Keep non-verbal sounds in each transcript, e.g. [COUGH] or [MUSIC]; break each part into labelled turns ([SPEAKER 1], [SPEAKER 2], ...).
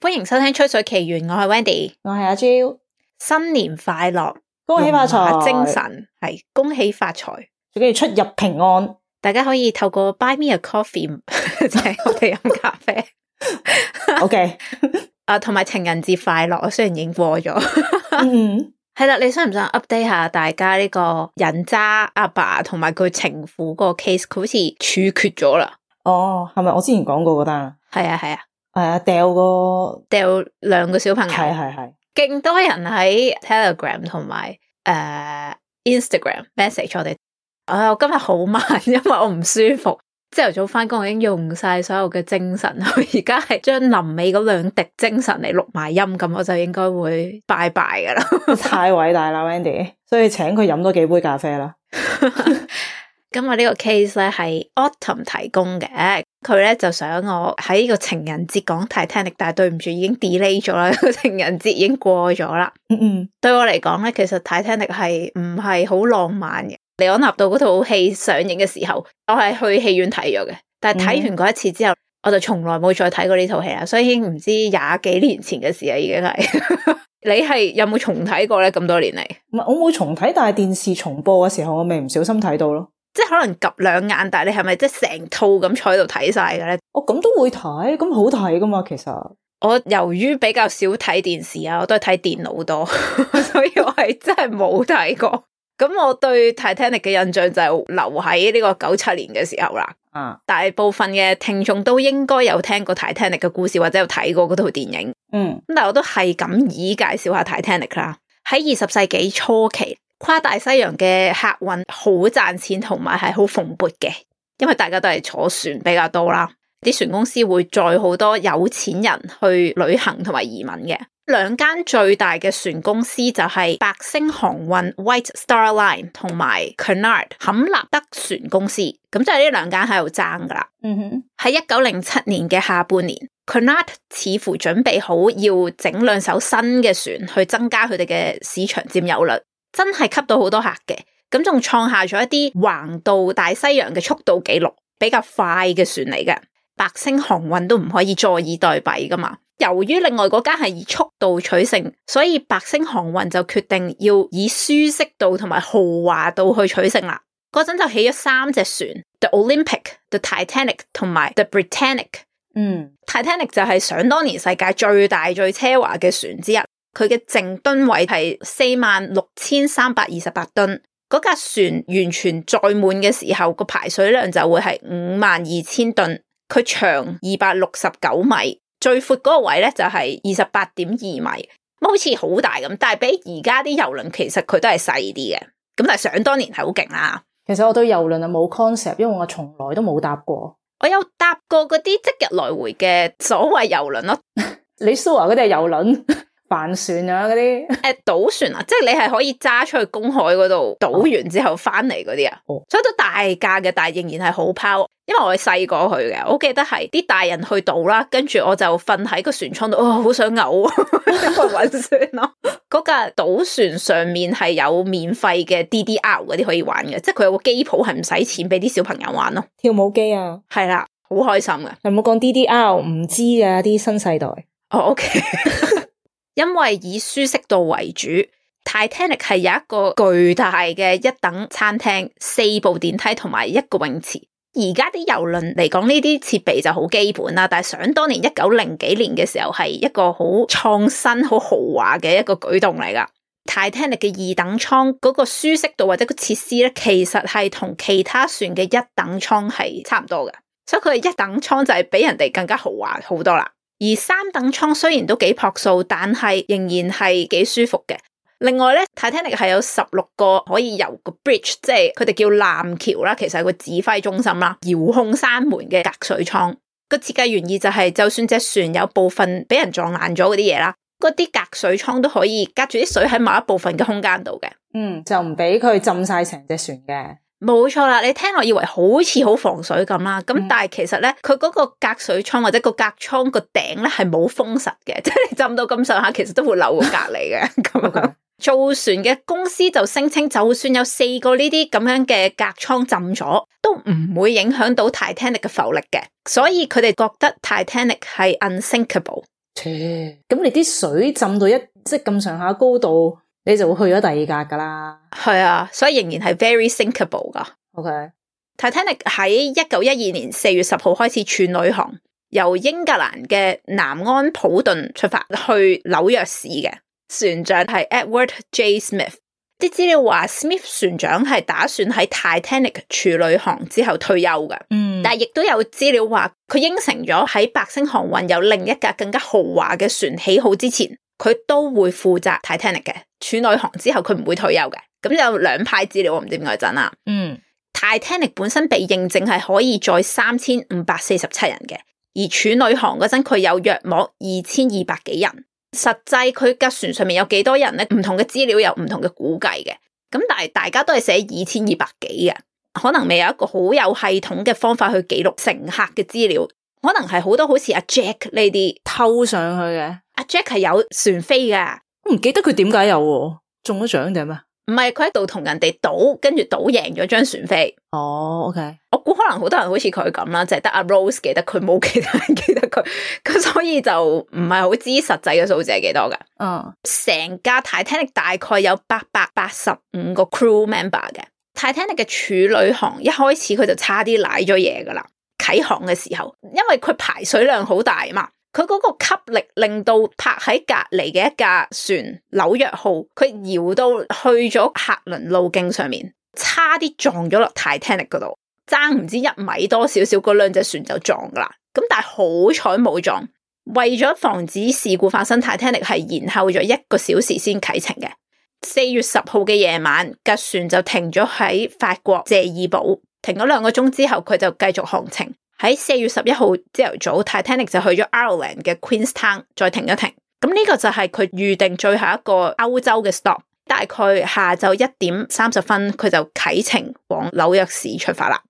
[SPEAKER 1] 歡迎收聽《吹水奇緣》，我係 Wendy，我係阿 j 新年快樂恭、嗯啊，恭喜發財，精神係，恭喜發財，最緊要出入平安。大家可以透過 Buy me a coffee， [LAUGHS] 就係我哋飲咖啡。 [LAUGHS] [LAUGHS] OK， [LAUGHS] 啊，同埋情人節快樂，我雖然已經過咗。 [LAUGHS] 嗯係啦，你想唔想 update 下大家呢個人渣阿爸同埋佢情婦個 case？佢好似處決咗啦。哦，係咪我之前講過嗰單啊？係啊係啊，係啊，掉個掉兩個小朋友，係係係，勁多人喺 Telegram 同埋誒、呃、Instagram message 我哋。啊，我今日好慢，因為我唔舒服。朝頭早返工，我已經用晒所有嘅精神，我而家係將臨尾嗰兩滴精神嚟錄埋音，咁我就應該會拜拜噶啦。 [LAUGHS]
[SPEAKER 2] 太偉大
[SPEAKER 1] 啦，Wendy，所以請佢飲多幾杯咖啡啦。 [LAUGHS] [LAUGHS] 今日呢個 case 咧係 Autumn 提供嘅，佢咧就想我喺呢個情人節講 Titanic，但係對唔住已經 delay 咗啦，情人節已經過咗啦。嗯嗯，對我嚟講咧，其實 Titanic 係唔係好浪漫嘅。李奧納多嗰套戲上映嘅時候，我係去戲院睇咗嘅，但係睇完嗰一次之後，嗯、我就從來冇再睇過呢套戲啦，所以已經唔知廿幾年前嘅事啦，已經係 [LAUGHS] 你係有冇重睇過咧？咁多年嚟，唔係我冇重睇，但係
[SPEAKER 2] 電視重播嘅時候，我咪唔小心睇到咯，
[SPEAKER 1] 即係可能夾兩眼，但係你係咪即係成套咁坐喺度睇晒嘅咧？我咁都會睇，咁好睇噶嘛？其實我由於比較少睇電視啊，我都係睇電腦多， [LAUGHS] 所以我係真係冇睇過。 [LAUGHS] 咁我對 Titanic 嘅印象就留喺呢個九七年嘅時候啦。嗯，uh, 大部分嘅聽眾都應該有聽過 Titanic 嘅故事或者有睇過嗰套電影。嗯，咁但係我都係咁以介紹下 Titanic 啦。喺二十世紀初期，跨大西洋嘅客運好賺錢同埋係好蓬勃嘅，因為大家都係坐船比較多啦。啲船公司會載好多有錢人去旅行同埋移民嘅。兩間最大嘅船公司就係白星航運 （White Star Line） 同埋 Cunard 坎納德船公司。咁就係呢兩間喺度爭噶啦。嗯
[SPEAKER 2] 哼，
[SPEAKER 1] 喺一九零七年嘅下半年 Cunard 似乎準備好要整兩艘新嘅船去增加佢哋嘅市場占有率，真係吸到好多客嘅。咁仲創下咗一啲橫渡大西洋嘅速度紀錄，比較快嘅船嚟嘅。白星航運都唔可以坐以待斃噶嘛。由於另外嗰間係以速度取勝，所以白星航運就決定要以舒適度同埋豪華度去取勝啦。嗰陣就起咗三隻船，The Olympic、The Titanic 同埋 The Britannic。
[SPEAKER 2] 嗯
[SPEAKER 1] ，Titanic 就係想當年世界最大最奢華嘅船之一，佢嘅淨噸位係四萬六千三百二十八噸。嗰架船完全載滿嘅時候，個排水量就會係五萬二千噸。佢長二百六十九米，最闊嗰個位咧就係二十八點二米，嗯、好似好大咁，但係比而家啲遊輪其實佢都係細啲嘅，咁但係想當年係好勁啦。
[SPEAKER 2] 其實我對遊輪啊冇 concept，因為我從來都冇搭過，
[SPEAKER 1] 我有搭過嗰啲即日來回嘅所謂遊輪咯， [LAUGHS] 你蘇華嗰啲係遊輪？ [LAUGHS] 帆船啊，嗰啲誒，賭、欸、船啊，即係你係可以揸出去公海嗰度，賭完之後翻嚟嗰啲啊，哦、所以都大架嘅，但係仍然係好拋。因為我係細個去嘅，我記得係啲大人去賭啦，跟住我就瞓喺個船艙度，哦，好想嘔、啊，因去玩船咯、啊。嗰 [LAUGHS] 架賭船上面係有免費嘅 D D R 嗰啲可以玩嘅，即係佢有個機鋪係唔使錢俾啲小朋友玩咯，跳舞機啊，係啦，好開心
[SPEAKER 2] 嘅。有冇講 D D R？唔知啊啲新世代。
[SPEAKER 1] 哦，O K。因為以舒適度為主，Titanic 係有一個巨大嘅一等餐廳、四部電梯同埋一個泳池。而家啲遊輪嚟講呢啲設備就好基本啦。但係想當年一九零幾年嘅時候，係一個好創新、好豪華嘅一個舉動嚟噶。Titanic 嘅二等艙嗰、那個舒適度或者個設施咧，其實係同其他船嘅一等艙係差唔多嘅。所以佢嘅一等艙就係比人哋更加豪華好多啦。而三等艙雖然都幾樸素，但係仍然係幾舒服嘅。另外咧，Titanic 係有十六個可以游個 bridge，即係佢哋叫艦橋啦。其實係個指揮中心啦，遙控閂門嘅隔水艙。個設計原意就係，就算隻船有部分俾人撞爛咗嗰啲嘢啦，嗰啲隔水艙都可以隔住啲水喺某一部分嘅空間度嘅。
[SPEAKER 2] 嗯，就
[SPEAKER 1] 唔俾佢浸晒成隻船嘅。冇錯啦，你聽落以為好似好防水咁啦，咁但係其實咧，佢嗰個隔水艙或者個隔艙個頂咧係冇封實嘅，即係你浸到咁上下，其實都會漏到隔離嘅咁樣。Okay. 做船嘅公司就聲稱，就算有四個呢啲咁樣嘅隔艙浸咗，都唔會影響到 Titanic 嘅浮力嘅，所以佢哋覺得 Titanic 係 unsinkable。
[SPEAKER 2] 切，
[SPEAKER 1] 咁你啲水浸到一即係咁上下高度？你就會去咗第二格噶啦，係啊，所以仍然係 very sinkable 噶。Okay，Titanic 喺一九一二年四月十號開始處女航，由英格蘭嘅南安普頓出發去紐約市嘅。船長係 Edward J. Smith。啲資料話 Smith 船長係打算喺 Titanic 處女航之後退休嘅。嗯，mm。但係亦都有資料話佢應承咗喺白星航運有另一架更加豪華嘅船起好之前。佢都會負責 Titanic 嘅處女航之後，佢唔會退休嘅。咁有兩派資料，我唔知點解真啦。嗯，Titanic 本身被認證係可以載三千五百四十七人嘅，而處女航嗰陣佢有約莫二千二百幾人。實際佢架船上面有幾多人咧？唔同嘅資料有唔同嘅估計嘅。咁但係大家都係寫二千二百幾嘅，可能未有一個好有系統嘅方法去記錄乘客嘅資料，可能係好多好似阿 Jack 呢啲偷上去嘅。阿 Jack 係有船飛噶，我
[SPEAKER 2] 唔記得佢點解有、啊、中咗獎嘅咩？
[SPEAKER 1] 唔係佢喺度同人哋賭，跟住賭贏咗張船飛。哦、oh,，OK，我估可能好多人好似佢咁啦，就係、是、得阿 Rose 記得佢，冇其他人記得佢，咁 [LAUGHS] 所以就唔係好知實際嘅數字係幾多噶。嗯，成架 Titanic 大概有八百八十五個 crew member 嘅 Titanic 嘅處女行一開始佢就差啲瀨咗嘢噶啦，啟航嘅時候，因為佢排水量好大啊嘛。佢嗰個吸力令到泊喺隔籬嘅一架船紐約號，佢搖到去咗客輪路徑上面，差啲撞咗落 Titanic 嗰度，爭唔知一米多少少，嗰兩隻船就撞噶啦。咁但係好彩冇撞，為咗防止事故發生，Titanic 係延後咗一個小時先啟程嘅。四月十號嘅夜晚，架船就停咗喺法國謝爾堡，停咗兩個鐘之後，佢就繼續航程。喺四月十一號朝頭早，Titanic 就去咗 Ireland 愛爾蘭嘅 Queenstown 再停一停，咁呢個就係佢預定最後一個歐洲嘅 stop。大概下晝一點三十分，佢就啟程往紐約市出發啦。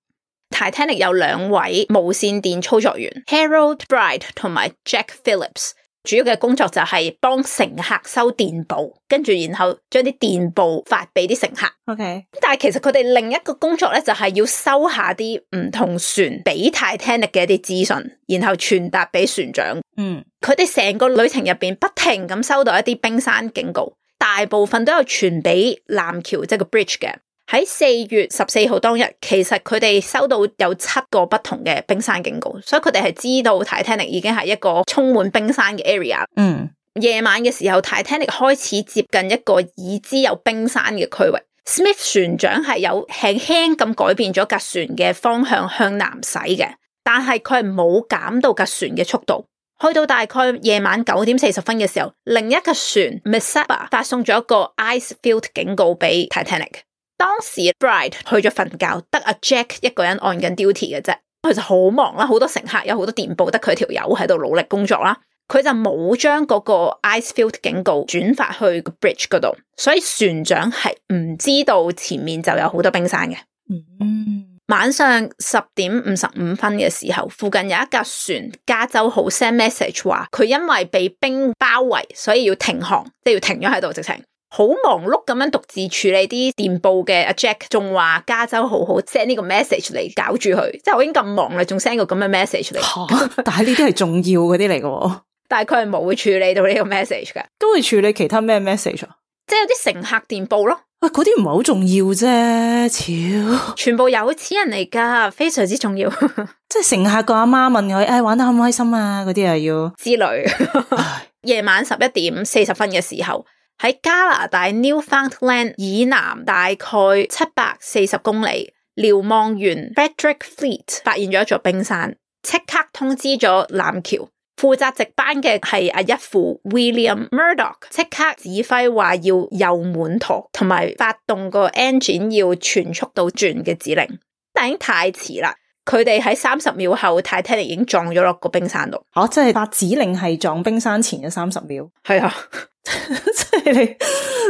[SPEAKER 1] Titanic 有兩位無綫電操作員 Harold Bride 同埋 Jack Phillips。主要嘅工作就係幫乘客收電報，跟住然後將啲電報發俾啲乘客。OK，但係其實佢哋另一個工作咧就係要收下啲唔同船俾 Titanic 嘅一啲資訊，然後傳達俾船長。嗯，佢哋成個旅程入邊不停咁收到一啲冰山警告，大部分都有傳俾南橋，即係個 bridge 嘅。喺四月十四號當日，其實佢哋收到有七個不同嘅冰山警告，所以佢哋係知道 Titanic 已經係一個充滿冰山嘅 area。嗯，夜晚嘅時候，Titanic 開始接近一個已知有冰山嘅區域。Smith 船長係有輕輕咁改變咗架船嘅方向向南駛嘅，但係佢係冇減到架船嘅速度。去到大概夜晚九點四十分嘅時候，另一架船 Mesaba 發送咗一個 ice field 警告俾 Titanic。當時 Bride 去咗瞓覺，得阿 Jack 一個人按緊 duty 嘅啫，佢就好忙啦，好多乘客，有好多電報，得佢條友喺度努力工作啦，佢就冇將嗰個 ice field 警告轉發去 Bridge 嗰度，所以船長係唔知道前面就有好多冰山嘅。Mm hmm. 晚上十點五十五分嘅時候，附近有一架船加州號 send message 話佢因為被冰包圍，所以要停航，即係要停咗喺度直情。好忙碌咁樣獨自處理啲電報嘅阿 Jack，仲話加州好好 send 呢個 message 嚟搞住佢，即係我已經咁忙啦，仲 send 個咁嘅 message 嚟。
[SPEAKER 2] 但係呢啲係重要嗰啲嚟嘅，
[SPEAKER 1] 但係佢係冇處理到呢個 message 嘅，都會處理其他咩 message 啊？即係有啲乘客電報咯，喂，嗰啲唔係好重要啫，超全部有錢人嚟噶，非常
[SPEAKER 2] 之重要。 [LAUGHS] 即係乘客個阿媽問佢誒、哎，玩得開唔開心啊？嗰啲啊要
[SPEAKER 1] 之類。夜 [LAUGHS] 唉晚十一點四十分嘅時候。喺加拿大 Newfoundland 以南大概七百四十公里，瞭望員 Frederick Fleet 發現咗一座冰山，即刻通知咗南橋負責值班嘅係阿一副 William Murdoch，即刻指揮話要右滿舵，同埋發動個 engine 要全速到轉嘅指令，但已經太遲啦。佢哋喺三十秒後，Titanic 已經撞咗落個冰山度。吓、哦，即係發指令係撞冰山前嘅三十秒。係啊， [LAUGHS] [LAUGHS] 即
[SPEAKER 2] 係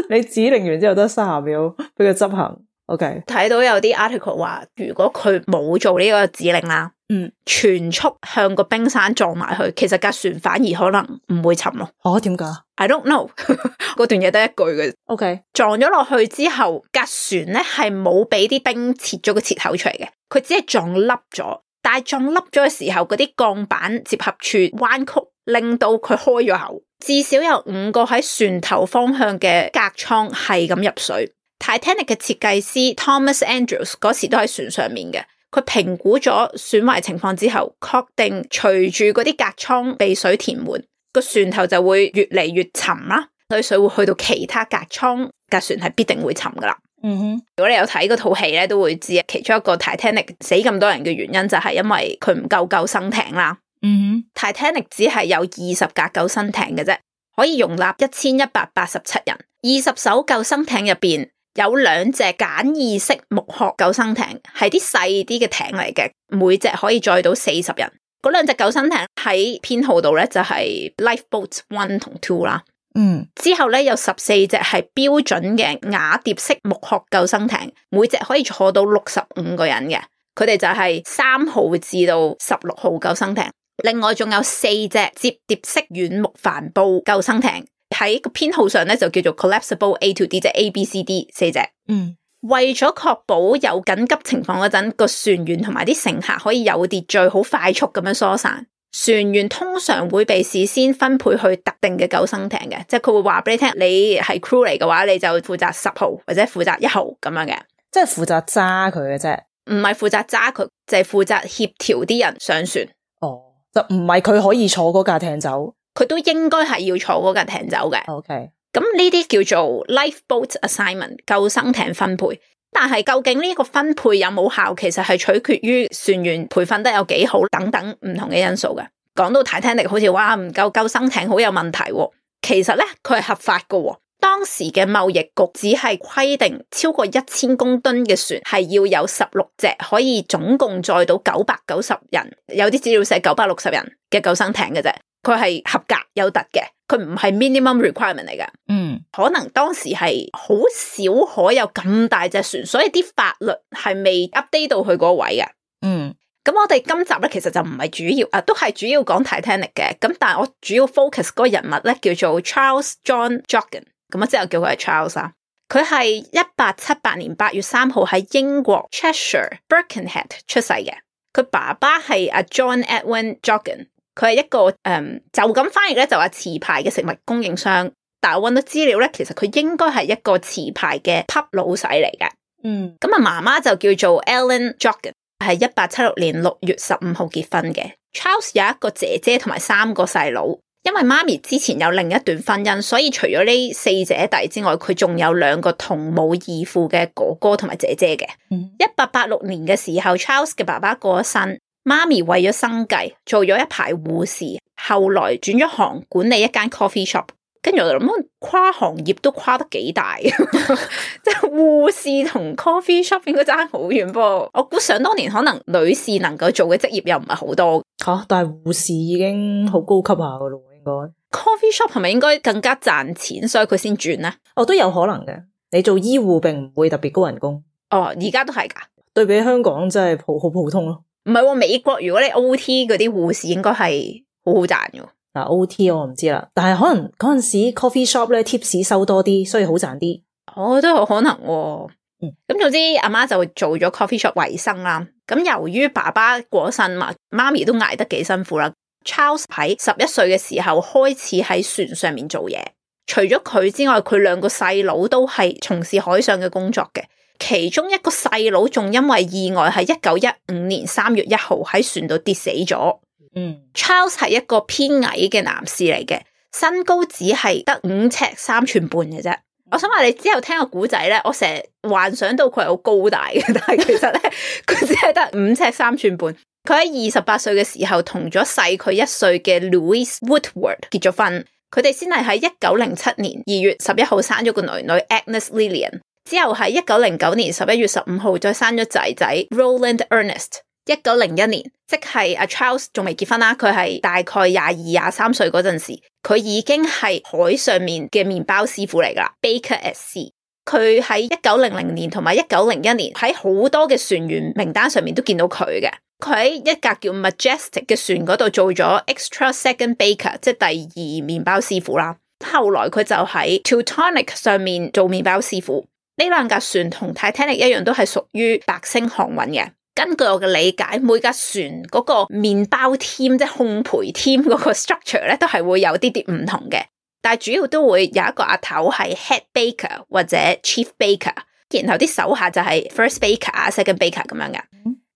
[SPEAKER 2] 你你指令完之後得三
[SPEAKER 1] 十秒俾佢執行。OK，睇到有啲 article 話，如果佢冇做呢個指令啦。嗯，全速向個冰山撞埋去，其實架船反而可能唔會沉咯。
[SPEAKER 2] 哦，點解
[SPEAKER 1] ？I don't know。 [LAUGHS] 嗰段嘢得一句嘅。OK。撞咗落去之後，架船咧係冇俾啲冰切咗個切口出嚟嘅，佢只係撞凹咗。但係撞凹咗嘅時候，嗰啲鋼板接合處彎曲，令到佢開咗口。至少有五個喺船頭方向嘅隔艙係咁入水。Titanic 嘅設計師 Thomas Andrews 嗰時都喺船上面嘅。佢評估咗損壞情況之後，確定隨住嗰啲隔艙被水填滿，個船頭就會越嚟越沉啦。啲水會去到其他隔艙，隔船係必定會沉噶啦。嗯哼、mm，hmm. 如果你有睇嗰套戲咧，都會知啊。其中一個 Titanic 死咁多人嘅原因就係因為佢唔夠救生艇啦。嗯哼、mm hmm，Titanic 只係有二十架救生艇嘅啫，可以容納一千一百八十七人，二十艘救生艇入邊有兩隻簡易式木殼救生艇，係啲細啲嘅艇嚟嘅，每隻可以載到四十人。嗰兩隻救生艇喺編號度咧就係 Lifeboat One 同 Two 啦。嗯，之後咧有十四隻係標準嘅瓦疊式木殼救生艇，每隻可以坐到六十五個人嘅。佢哋就係三號至到十六號救生艇。另外仲有四隻折疊式軟木帆布救生艇。喺個編號上咧就叫做 collapsible A to D，即係 A B C D 四隻。嗯，為咗確保有緊急情況嗰陣，個船員同埋啲乘客可以有秩序、好快速咁樣疏散，船員通常會被事先分配去特定嘅救生艇嘅，即係佢會話俾你聽，你係 crew 嚟嘅話，你就負責十號或者負責一號咁樣嘅，即係負責揸佢嘅啫。唔係負責揸佢，就係負責協調啲人上船。哦，就唔係佢可以坐嗰架艇走。佢都應該係要坐嗰架艇走嘅。OK，咁呢啲叫做 lifeboat assignment 救生艇分配。但係究竟呢個分配有冇效，其實係取決於船員培訓得有幾好等等唔同嘅因素嘅。講到睇聽力好似哇，唔夠救生艇好有問題喎，其實咧佢係合法嘅喎。當時嘅貿易局只係規定超過一千公噸嘅船係要有十六隻，可以總共載到九百九十人，有啲資料寫九百六十人嘅救生艇嘅啫。佢係合格有突嘅，佢唔係 minimum requirement 嚟嘅。嗯，可能當時係好少可有咁大隻船，所以啲法律係未 update 到佢嗰位嘅。嗯，咁我哋今集咧其實就唔係主要，啊，都係主要講 Titanic 嘅。咁但係我主要 focus 嗰個人物咧叫做 Charles John Joughin，咁啊之後叫佢係 Charles 啊。佢係一八七八年八月三號喺英國 Cheshire Birkenhead 出世嘅，佢爸爸係阿 John Edwin Joughin。佢係一個誒、嗯，就咁翻譯咧就話持牌嘅食物供應商，但係我搵到資料咧，其實佢應該係一個持牌嘅 pub 老細，嚟嘅。嗯，咁啊，媽媽就叫做 Alan Joughin，係一八七六年六月十五號結婚嘅。Charles 有一個姐姐同埋三個細佬，因為媽咪之前有另一段婚姻，所以除咗呢四姐弟之外，佢仲有兩個同母異父嘅哥哥同埋姐姐嘅。一八八六年嘅時候，Charles 嘅爸爸過咗身。媽咪為咗生計做咗一排護士，後來轉咗行，管理一間 coffee shop，跟住我就諗，跨行業都跨得幾大，即係 [LAUGHS] [LAUGHS] 護士同 coffee shop 應該爭好遠噃。我估想當年可能女士能夠做嘅職業又唔係好多吓、啊，但係護士已經
[SPEAKER 2] 好高級下噶咯，應該
[SPEAKER 1] coffee shop 係咪應該更加賺錢，所以佢先轉呢？哦，都有可能嘅。
[SPEAKER 2] 你做醫護並唔會特別高人工。哦，
[SPEAKER 1] 而家都係噶，對比香港真係好好普通咯。唔係喎，美國如果你 OT 嗰啲護士應該係好好賺嘅。嗱 OT、啊、我唔
[SPEAKER 2] 知啦，但係可能嗰陣時 coffee shop 咧 tips 收多啲，所以好賺啲。
[SPEAKER 1] 哦，都有可能、啊。嗯，咁總之阿媽就做咗 coffee shop 為生啦。咁由於爸爸過咗身嘛，媽咪都捱得幾辛苦啦。Charles 喺十一歲嘅時候開始喺船上面做嘢，除咗佢之外，佢兩個細佬都係從事海上嘅工作嘅。其中一個細佬仲因為意外喺一九一五年三月一號喺船度跌死咗。Mm. Charles 係一個偏矮嘅男士嚟嘅，身高只係得五尺三寸半嘅啫。Mm. 我想話你之後聽個古仔咧，我成日幻想到佢係好高大嘅，但係其實咧佢 [LAUGHS] 只係得五尺三寸半。佢喺二十八歲嘅時候同咗細佢一歲嘅 Louise Woodward 結咗婚，佢哋先係喺一九零七年二月十一號生咗個女女 Agnes Lillian。之後喺一九零九年十一月十五號再生咗仔仔 Roland Ernest，一九零一年，即係阿 Charles 仲未結婚啦，佢係大概廿二廿三歲嗰陣時，佢已經係海上面嘅麵包師傅嚟噶啦，Baker at Sea。佢喺一九零零年同埋一九零一年喺好多嘅船員名單上面都見到佢嘅，佢喺一架叫 Majestic 嘅船嗰度做咗 Extra Second Baker，即係第二麵包師傅啦。後來佢就喺 Teutonic 上面做麵包師傅。呢兩架船同 Titanic 一樣，都係屬於白星航運嘅。根據我嘅理解，每架船嗰個麵包 team，即係烘焙 team 嗰個 structure 咧，都係會有啲啲唔同嘅。但係主要都會有一個阿頭係 head baker 或者 chief baker，然後啲手下就係 first baker、second baker 咁樣嘅。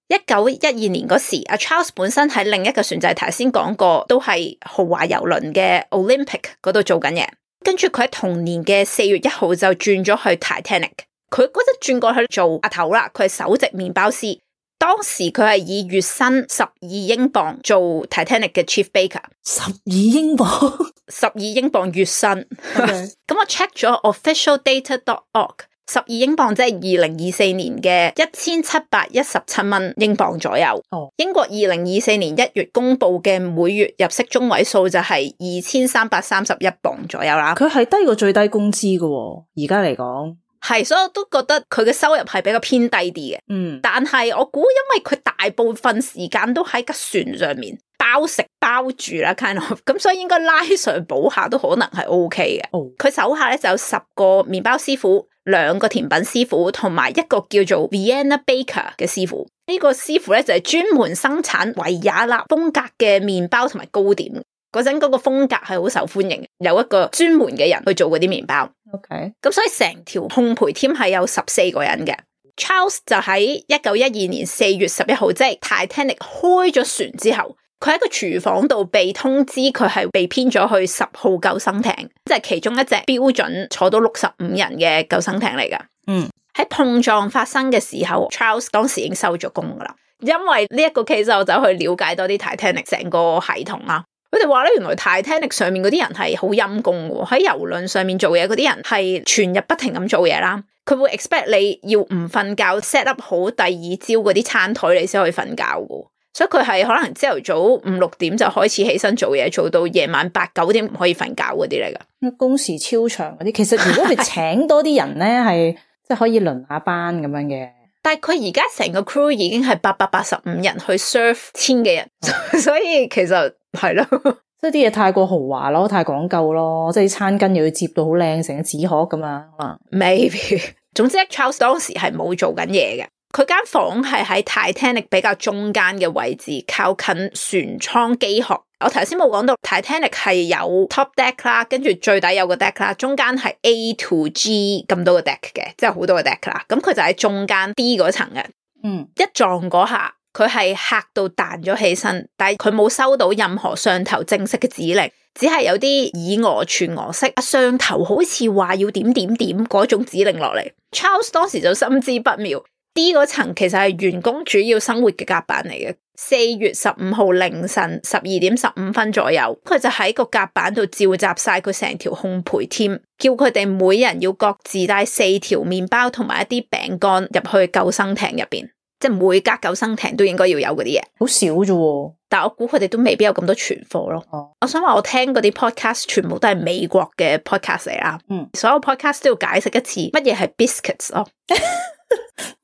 [SPEAKER 1] 一九一二年嗰時，阿 Charles 本身喺另一個船就係頭先講過，都係豪華郵輪嘅 Olympic 嗰度做緊嘅。跟住佢喺同年嘅四月一號就轉咗去 Titanic，佢嗰陣轉過去做阿頭啦，佢係首席麵包師，當時佢係以月薪十二英鎊做 Titanic 嘅 Chief Baker，十二英鎊，十二英鎊月薪，咁我 check 咗 officialdata.org。十二英鎊即係二零二四年嘅一千七百一十七蚊英鎊左右。哦，oh. 英國二零二四年一月公布嘅每月入息中位數就係二千三百三十一鎊左右
[SPEAKER 2] 啦。佢係低過最低工資噶哦，而家嚟講
[SPEAKER 1] 係，所以我都覺得佢嘅收入係比較偏低啲嘅。嗯，mm. 但係我估因為佢大部分時間都喺吉船上面包食包住啦，kind of，咁所以應該拉上補下都可能係 OK 嘅。哦，佢手下咧就有十個麵包師傅。兩個甜品師傅同埋一個叫做 Vienna Baker 嘅師傅，呢、這個師傅咧就係、是、專門生產維也納風格嘅麵包同埋糕點。嗰陣嗰個風格係好受歡迎，有一個專門嘅人去做嗰啲麵包。OK，咁所以成條烘焙 team 係有十四個人嘅。Charles 就喺一九一二年四月十一號，即、就、係、是、Titanic 開咗船之後。佢喺個廚房度被通知，佢係被編咗去十號救生艇，即係其中一隻標準坐到六十五人嘅救生艇嚟噶。嗯，喺碰撞發生嘅時候，Charles 當時已經收咗工噶啦。因為呢一個 case，我走去了解多啲 Titanic 成個系統啦。佢哋話咧，原來 Titanic 上面嗰啲人係好陰功喎，喺遊輪上面做嘢嗰啲人係全日不停咁做嘢啦。佢會 expect 你要唔瞓覺 set up 好第二朝嗰啲餐台，你先可以瞓覺嘅。所以佢係可能朝頭早五六點就開始起身做嘢，做到夜晚八九點唔可以瞓覺嗰啲嚟噶。工時超長嗰啲，其實如果係
[SPEAKER 2] 請多啲人咧，係即係可以輪下班咁樣嘅。
[SPEAKER 1] 但係佢而家成個 crew 已經係八百八十五人去 serve 千幾人，嗯、
[SPEAKER 2] [LAUGHS] 所以其實係咯，即係啲嘢太過豪華咯，太講究咯，即係餐巾又要摺到好靚，成日紙殼咁樣。可能 maybe
[SPEAKER 1] 總之，Charles 當時係冇做緊嘢嘅。佢間房係喺 Titanic 比較中間嘅位置，靠近船艙機殼。我頭先冇講到 Titanic 係有 top deck 啦，跟住最底有個 deck 啦，中間係 A to G 咁多個 deck 嘅，即係好多個 deck 啦。咁佢就喺中間 D 嗰層嘅。嗯，一撞嗰下，佢係嚇到彈咗起身，但係佢冇收到任何上頭正式嘅指令，只係有啲以訛傳訛式啊，上頭好似話要點點點嗰種指令落嚟。Charles 當時就心知不妙。D 嗰層其實係員工主要生活嘅甲板嚟嘅。四月十五號凌晨十二點十五分左右，佢就喺個甲板度召集晒佢成條烘焙添，叫佢哋每人要各自帶四條麵包同埋一啲餅乾入去救生艇入邊，即係每架救生艇都應該要有嗰啲嘢。好少啫，但我估佢哋都未必有咁多存貨咯。Oh. 我想話我聽嗰啲 podcast 全部都係美國嘅 podcast 嚟啊。嗯，mm. 所有 podcast 都要解釋一次乜嘢係 biscuits 哦。 [LAUGHS]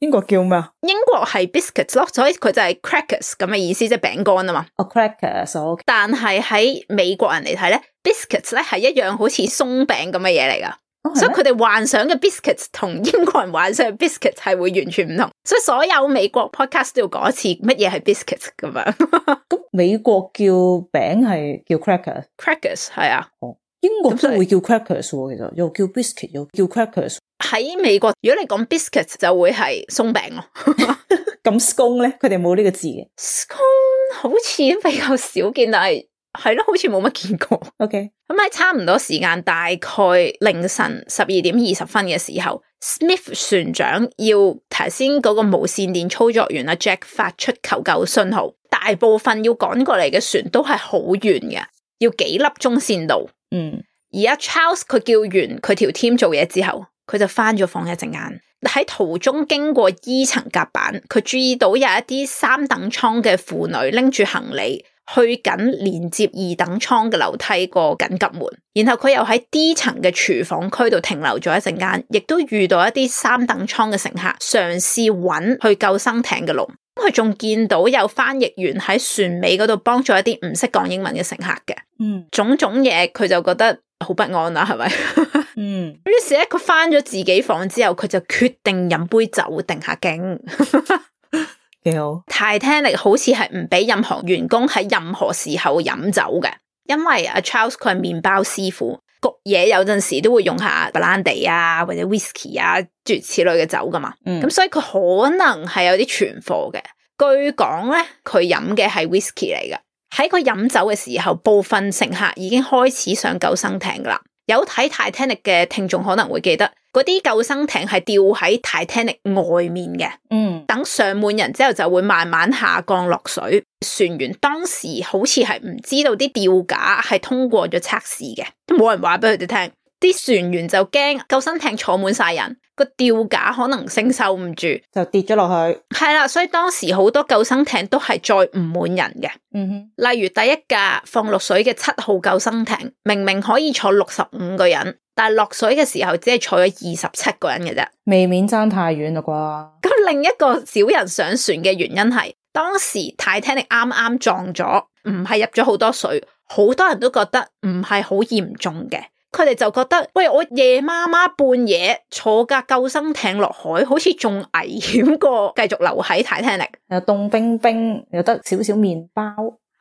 [SPEAKER 1] 英國叫咩啊？英國係 biscuits 咯，所以佢就係 crackers 咁嘅意思，即係餅乾啊嘛。哦，crackers，OK。但係喺美國人嚟睇咧，biscuits 咧係一樣好似鬆餅咁嘅嘢嚟噶，所以佢哋幻想嘅 biscuits 同英國人幻想嘅 biscuits 係會完全唔同。所以所有美國 podcast 都要講一次乜嘢係 biscuits 咁樣。
[SPEAKER 2] 咁美國叫餅係叫 crackers，crackers
[SPEAKER 1] 係啊。
[SPEAKER 2] 哦，英國都會叫 crackers 喎，其實又叫 biscuit 又叫 crackers。
[SPEAKER 1] 喺美國，如果你講 biscuits 就會係鬆餅咯。
[SPEAKER 2] 咁 scone 咧，佢哋冇呢個字嘅。
[SPEAKER 1] scone 好似比較少見，但係係咯，好似冇乜見過。OK，咁喺、嗯、差唔多時間，大概凌晨十二點二十分嘅時候，Smith 船長要頭先嗰個無線電操作員阿、啊、Jack 發出求救信號。大部分要趕過嚟嘅船都係好遠嘅，要幾粒鐘線度。嗯，而家、啊、Charles 佢叫完佢條 team 做嘢之後。佢就翻咗房一陣間，喺途中經過 e 層甲板，佢注意到有一啲三等艙嘅婦女拎住行李去緊連接二等艙嘅樓梯過緊急門，然後佢又喺 D 層嘅廚房區度停留咗一陣間，亦都遇到一啲三等艙嘅乘客嘗試揾去救生艇嘅路，咁佢仲見到有翻譯員喺船尾嗰度幫助一啲唔識講英文嘅乘客嘅，嗯，種種嘢佢就覺得。好不安啦，啊，係咪？嗯。於是咧，佢翻咗自己房之後，佢就決定飲杯酒定下驚。Titanic 好似係唔俾任何員工喺任何時候飲酒嘅，因為阿 Charles 佢係麵包師傅，焗嘢有陣時都會用下 b l 白蘭地啊，或者 whisky 啊，諸如此類嘅酒噶嘛。嗯。咁所以佢可能係有啲存貨嘅。據講咧，佢飲嘅係 whisky 嚟噶。喺個飲酒嘅時候，部分乘客已經開始上救生艇噶啦。有睇 Titanic 嘅聽眾可能會記得，嗰啲救生艇係吊喺 Titanic 外面嘅。嗯，等上滿人之後，就會慢慢下降落水。船員當時好似係唔知道啲吊架係通過咗測試嘅，都冇人話俾佢哋聽。啲船員就驚救生艇坐滿晒人。個吊架可能承受唔住，就跌咗落去。係啦，所以當時好多救生艇都係載唔滿人嘅。嗯哼，例如第一架放落水嘅七號救生艇，明明可以坐六十五個人，但係落水嘅時候只係坐咗二十七個人嘅啫，
[SPEAKER 2] 未免爭太遠啦啩。
[SPEAKER 1] 咁另一個少人上船嘅原因係當時泰坦尼克啱啱撞咗，唔係入咗好多水，好多人都覺得唔係好嚴重嘅。佢哋就覺得，喂！我夜媽媽半夜坐架救生艇落海，好似仲危險過繼續留喺 Titanic。又凍冰冰，又得少少麵包，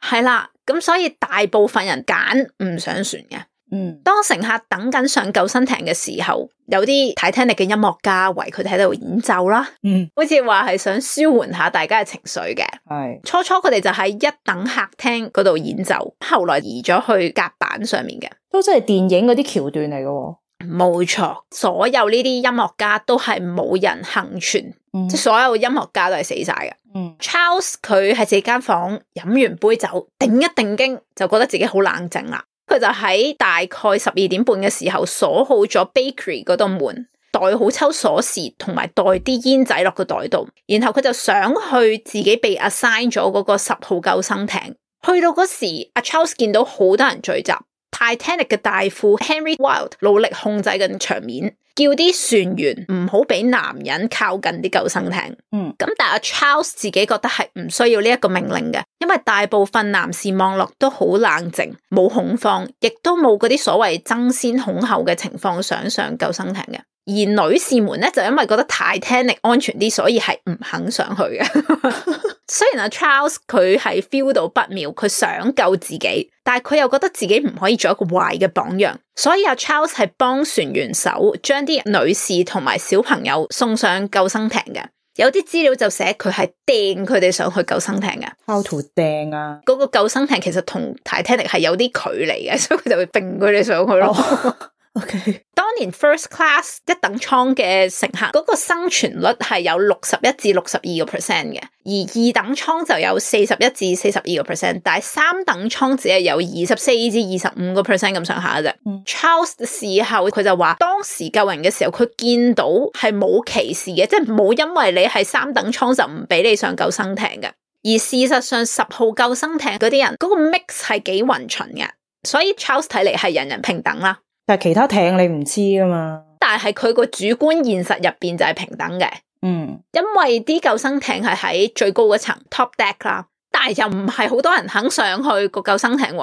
[SPEAKER 1] 係啦。咁所以大部分人揀唔上船嘅。嗯，當乘客等緊上救生艇嘅時候，有啲泰坦尼克嘅音樂家為佢哋喺度演奏啦。嗯，好似話係想舒緩下大家嘅情緒嘅。係是初初佢哋就喺一等客廳嗰度演奏，後來移咗去甲板上面嘅。
[SPEAKER 2] 都真係電影嗰啲橋段嚟嘅。哦。冇錯，
[SPEAKER 1] 所有呢啲音樂家都係冇人幸存，嗯、即係所有音樂家都係死晒嘅。嗯、Charles 佢喺自己間房飲完杯酒，定一定驚就覺得自己好冷靜啦。佢就喺大概十二點半嘅時候鎖好咗 bakery 嗰度門，袋好抽鎖匙同埋袋啲煙仔落個袋度，然後佢就想去自己被 assign 咗嗰個十號救生艇。去到嗰時，阿 Charles 見到好多人聚集，Titanic 嘅大副 Henry Wilde 努力控制緊場面。叫啲船員唔好俾男人靠近啲救生艇。嗯，咁但係阿 Charles 自己覺得係唔需要呢一個命令嘅，因為大部分男士望落都好冷靜，冇恐慌，亦都冇嗰啲所謂爭先恐後嘅情況想上救生艇嘅。而女士們咧，就因為覺得 Titanic 安全啲，所以係唔肯上去嘅。 [LAUGHS] [LAUGHS] 雖然阿 Charles 佢係 feel 到不妙，佢想救自己，但係佢又覺得自己唔可以做一個壞嘅榜樣，所以阿 Charles 係幫船員手將啲女士同埋小朋友送上救生艇嘅。有啲資料就寫佢係掟佢哋上去救生艇嘅。How to 掟啊？嗰個救生艇其實同 Titanic 係有啲距離嘅，所以佢就會掟佢哋上去咯。 [LAUGHS] Okay. 當年 first class 一等艙嘅乘客嗰個生存率係有六十一至六十二個 percent 嘅，而二等艙就有四十一至四十二個 percent，但係三等艙只係有二十四至二十五個 percent 咁上下嘅啫。Mm hmm. Charles 事後佢就話，當時救人嘅時候，佢見到係冇歧視嘅，即係冇因為你係三等艙就唔俾你上救生艇嘅。而事實上十號救生艇嗰啲人嗰個 mix 係幾勻循嘅，所以 Charles 睇嚟係人人平等啦。
[SPEAKER 2] 但係其他艇你唔知㗎嘛，
[SPEAKER 1] 但係佢個主觀現實入邊就係平等嘅，嗯，因為啲救生艇係喺最高嗰層 top deck 啦，但係又唔係好多人肯上去個救生艇。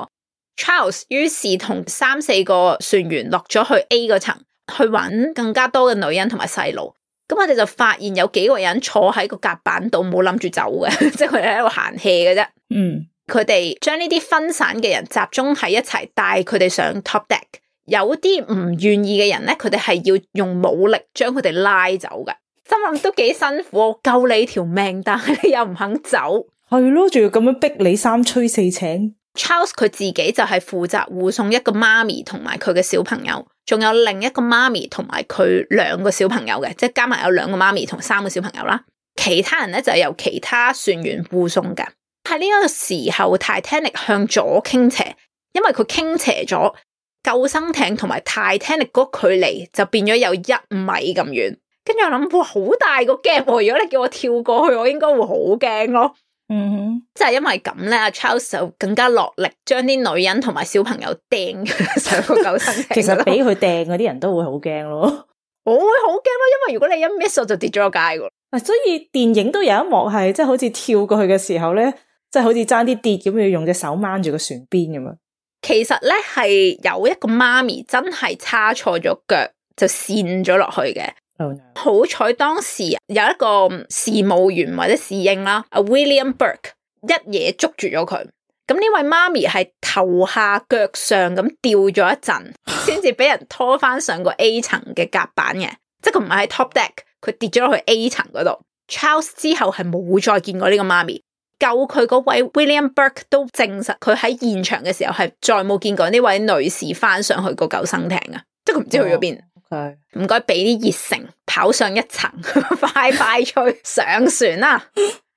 [SPEAKER 1] Charles 於是同三四個船員落咗去 A 個層去揾更加多嘅女人同埋細路，咁我哋就發現有幾個人坐喺個甲板度冇諗住走嘅，即係佢哋喺度閒氣嘅啫，嗯，佢哋將呢啲分散嘅人集中喺一齊帶佢哋上 top deck。有啲唔願意嘅人咧，佢哋係要用武力將佢哋拉走嘅。心諗都幾辛苦，救你條命，但係你又唔肯走，係咯，仲要咁樣逼你三催四請。Charles 佢自己就係負責護送一個媽咪同埋佢嘅小朋友，仲有另一個媽咪同埋佢兩個小朋友嘅，即係加埋有兩個媽咪同三個小朋友啦。其他人咧就係由其他船員護送嘅。喺呢個時候，Titanic 向左傾斜，因為佢傾斜咗。救生艇同埋 Titanic 嗰個距離就變咗有一米咁遠，跟住我諗哇，好大個 gap 喎！如果你叫我跳過去，我應該會好驚咯。嗯哼，即係因為咁咧，阿 Charles 就更加落力將啲女人同埋小朋友掟 [LAUGHS] 上個救生艇。 [LAUGHS] 其實俾佢
[SPEAKER 2] 掟嗰啲人都會好驚咯。
[SPEAKER 1] [LAUGHS] 我會好驚咯，因為如果你一 miss 咗就跌咗個街了。噶。
[SPEAKER 2] 所以電影都有一幕係，即係好似跳過去嘅時候咧，即係好似爭啲跌咁，要用隻手掹住個船邊咁啊。
[SPEAKER 1] 其實咧，係有一個媽咪真係差錯咗腳，就跣咗落去嘅。Oh, no. 好彩當時有一個事務員或者侍應啦，William Burke 一嘢捉住咗佢。咁呢位媽咪係頭下腳上咁吊咗一陣，先至俾人拖翻上個 A 層嘅甲板嘅。即係佢唔係喺 Top Deck，佢跌咗落去 A 層嗰度。Charles 之後係冇再見過呢個媽咪。救佢嗰位 William Burke 都證實，佢喺現場嘅時候係再冇見過呢位女士翻上去個救生艇啊！即係佢唔知去咗邊。唔該俾啲熱誠，跑上一層，快 [LAUGHS] 快去 [LAUGHS] 上船啦！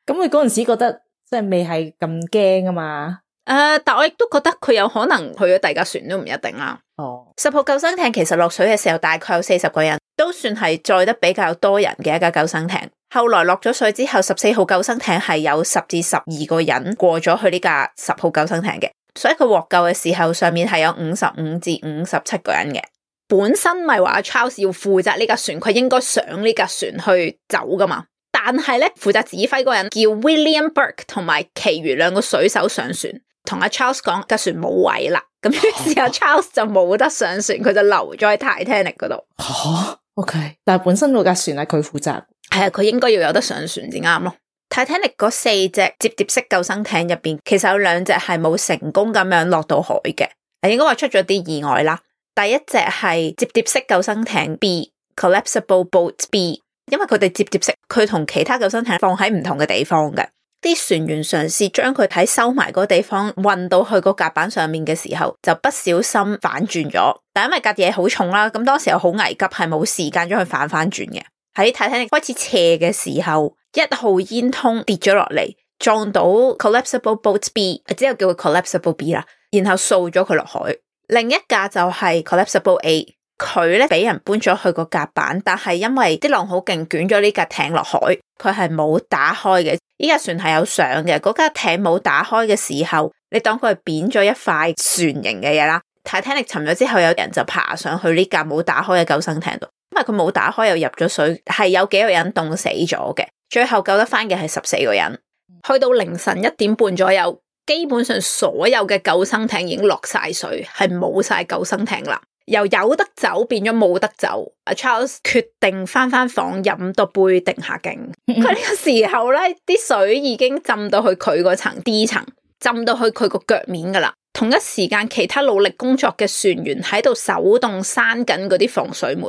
[SPEAKER 1] 咁佢嗰陣時覺得即係未係咁驚啊嘛。誒， [COUGHS] 但我亦都覺得佢有可能去咗第二架船都唔一定啦。哦，十號救生艇其實落水嘅時候大概有四十個人，都算係載得比較多人嘅一架救生艇。後來落咗水之後，十四號救生艇係有十至十二個人過咗去呢架十號救生艇嘅，所以佢獲救嘅時候，上面係有五十五至五十七個人嘅。本身咪話 Charles 要負責呢架船，佢應該上呢架船去走㗎嘛，但係咧負責指揮嗰人叫 William Burke 同埋其餘兩個水手上船，同阿 Charles 講，架船冇位啦，咁於是阿 Charles 就冇得上船，佢就留咗喺 Titanic 嗰度。
[SPEAKER 2] 吓、啊，OK，但係本身嗰架船係佢負
[SPEAKER 1] 責。係佢應該要有得上船至啱咯。Titanic 嗰四隻摺疊式救生艇入邊，其實有兩隻係冇成功咁樣落到海嘅，應該話出咗啲意外啦。第一隻係摺疊式救生艇 B Collapsible boat B，因為佢哋摺疊式，佢同其他救生艇放喺唔同嘅地方嘅。啲船員嘗試將佢喺收埋個地方運到去個甲板上面嘅時候，就不小心反轉咗。但因為隔夜好重啦，咁當時又好危急，係冇時間將佢反翻轉嘅。喺 Titanic 開始斜嘅時候，一號煙囪跌咗落嚟，撞到 Collapsible Boat B，之後叫佢 Collapsible B 啦，然後掃咗佢落海。另一架就係 Collapsible A，佢咧俾人搬咗去個甲板，但係因為啲浪好勁，捲咗呢架艇落海，佢係冇打開嘅。依架船係有相嘅，嗰架艇冇打開嘅時候，你當佢係扁咗一塊船型嘅嘢啦。Titanic 沉咗之後，有人就爬上去呢架冇打開嘅救生艇度。因為佢冇打開又入咗水，係有幾個人凍死咗嘅。最後救得翻嘅係十四個人。去到凌晨一點半左右，基本上所有嘅救生艇已經落晒水，係冇晒救生艇啦。由「有得走」變咗冇得走。Charles 決定翻翻房飲到杯定下勁。佢呢 [LAUGHS] 個時候咧，啲水已經浸到去佢個層 D 層，浸到去佢個腳面噶啦。同一時間，其他努力工作嘅船員喺度手動閂緊嗰啲防水門。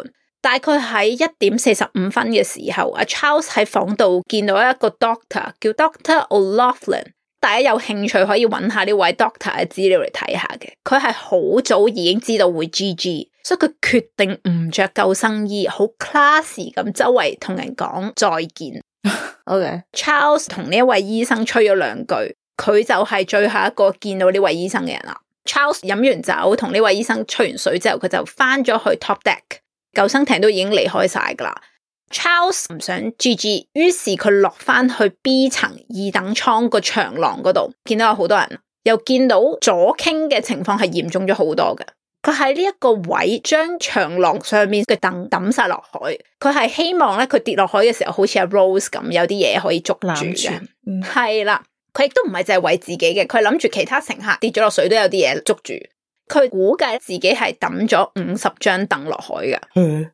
[SPEAKER 1] 大概喺一點四十五分嘅時候，阿 Charles 喺房度見到一個 doctor 叫 Doctor O'Loughlin。大家有興趣可以揾下呢位 doctor 嘅資料嚟睇下嘅。佢係好早已經知道會 G.G.，所以佢決定唔着救生衣，好 class 咁周圍同人講再見。 [LAUGHS] O.K. Charles 同呢一位醫生吹咗兩句，佢就係最後一個見到呢位醫生嘅人啦。Charles 飲完酒同呢位醫生吹完水之後，佢就翻咗去 Top Deck。救生艇都已經離開晒噶啦，Charles 唔想 GG，於是佢落翻去 B 層二等艙個長廊嗰度，見到有好多人，又見到左傾嘅情況係嚴重咗好多嘅。佢喺呢一個位將長廊上面嘅凳抌晒落海，佢係希望咧佢跌落海嘅時候好似阿 Rose 咁，有啲嘢可以捉住嘅。係啦，佢亦都唔係淨係為自己嘅，佢諗住其他乘客跌咗落水都有啲嘢捉住。佢估計自己係抌咗五十張凳落海嘅。嗯，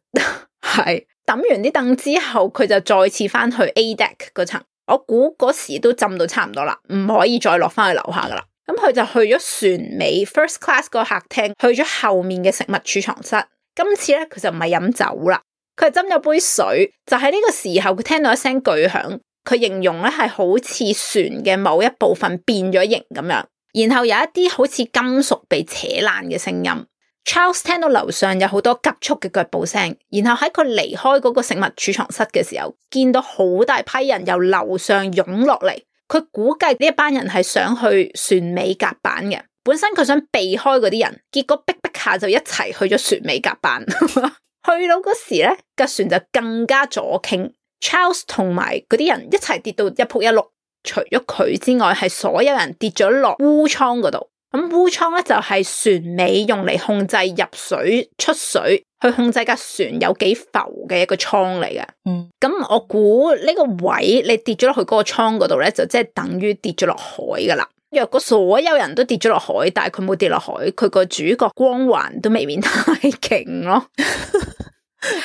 [SPEAKER 1] 係抌 [LAUGHS] 完啲凳之後，佢就再次翻去 A deck 嗰層。我估嗰時都浸到差唔多啦，唔可以再落翻去樓下噶啦。咁佢就去咗船尾 First Class 個客廳，去咗後面嘅食物儲藏室。今次咧，佢就唔係飲酒啦，佢係斟咗杯水。就喺呢個時候，佢聽到一聲巨響，佢形容咧係好似船嘅某一部分變咗形咁樣。然後有一啲好似金屬被扯爛嘅聲音。Charles 聽到樓上有好多急促嘅腳步聲，然後喺佢離開嗰個食物儲藏室嘅時候，見到好大批人由樓上湧落嚟。佢估計呢一班人係想去船尾甲板嘅。本身佢想避開嗰啲人，結果逼逼下就一齊去咗船尾甲板。 [LAUGHS] 去到嗰時咧，架船就更加左傾。Charles 同埋嗰啲人一齊跌到一仆一碌。除咗佢之外，係所有人跌咗落烏艙嗰度。咁烏艙咧就係、是、船尾用嚟控制入水出水，去控制架船有幾浮嘅一個艙嚟嘅。嗯，咁我估呢個位你跌咗落去嗰個艙嗰度咧，就即係等於跌咗落海噶啦。若果所有人都跌咗落海，但係佢冇跌落海，佢個主角光環都未免太勁咯，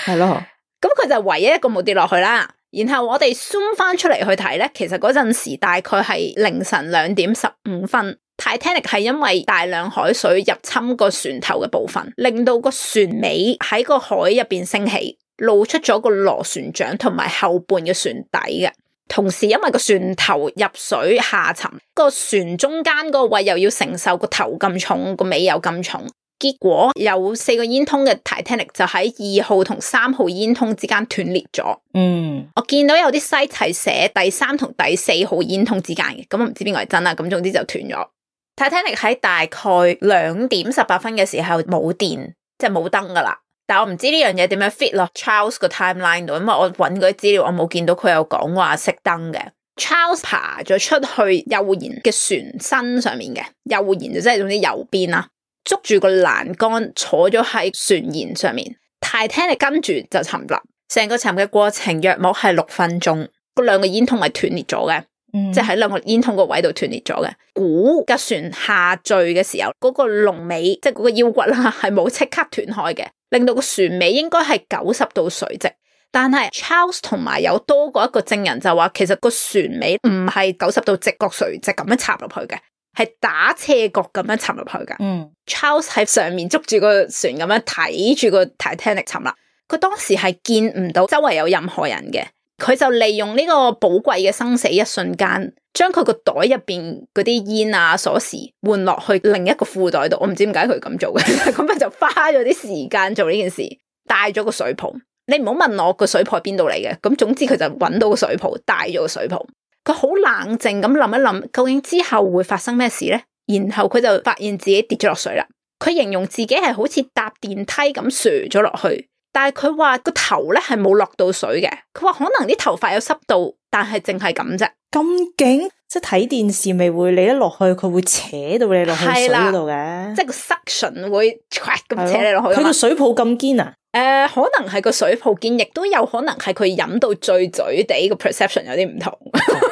[SPEAKER 1] 係 [LAUGHS] 咯的。咁佢 [LAUGHS] 就唯一一個冇跌落去啦。然後我哋 zoom 翻出嚟去睇咧，其實嗰陣時大概係凌晨兩點十五分，Titanic 係因為大量海水入侵個船頭嘅部分，令到個船尾喺個海入邊升起，露出咗個螺旋槳同埋後半嘅船底嘅。同時因為個船頭入水下沉，個船中間個位又要承受個頭咁重，個尾又咁重。結果有四個煙通嘅 Titanic 就喺二號同三號煙通之間斷裂咗。嗯，我見到有啲 sites 寫第三同第四號煙通之間嘅，咁我唔知邊個係真啦。咁總之就斷咗。Titanic 喺大概兩點十八分嘅時候冇電，即係冇燈噶啦。但係我唔知呢樣嘢點樣 fit 落 Charles 個 timeline 度，因為我搵嗰啲資料，我冇見到佢有講話熄燈嘅。Charles 爬咗出去右舷嘅船身上面嘅右舷就即係總之右邊啦。捉住個欄杆坐咗喺船舷上面，Titanic 跟住就沉落，成個沉嘅過程約莫係六分鐘。個兩個煙囪係斷裂咗嘅，嗯、即係喺兩個煙囪個位度斷裂咗嘅。嗰架船下墜嘅時候，嗰、嗰個龍尾即係嗰個腰骨啦，係冇即刻斷開嘅，令到個船尾應該係九十度垂直。但係 Charles 同埋有多過一個證人就話，其實個船尾唔係九十度直角垂直咁樣插落去嘅。係打斜角咁樣沉入去噶。嗯。Charles 喺上面捉住個船咁樣睇住個 Titanic 沉啦。佢當時係見唔到周圍有任何人嘅，佢就利用呢個寶貴嘅生死一瞬間，將佢個袋入邊嗰啲煙啊鎖匙換落去另一個褲袋度。我唔知點解佢咁做嘅，咁 [LAUGHS] [LAUGHS] 就花咗啲時間做呢件事，帶咗個水泡。你唔好問我個水泡邊度嚟嘅，咁總之佢就搵到個水泡，帶咗個水泡。佢好冷靜咁諗一諗，究竟之後會發生咩事咧？然後佢就發現自己跌咗落水啦。佢形容自己係好似搭電梯咁垂咗落去，但係佢話個頭咧係冇落到水嘅。佢話可能啲頭髮有濕到，但係淨係咁啫。咁
[SPEAKER 2] 勁！即係睇電視未會你一落去，佢會扯到你落去水嗰度嘅。即
[SPEAKER 1] 係個 suction 會咁扯你落去。佢、啊呃、個水泡咁堅啊？誒，可能係個水泡堅，亦都有可能係佢飲到醉醉地，這個 perception 有啲唔同。 [LAUGHS]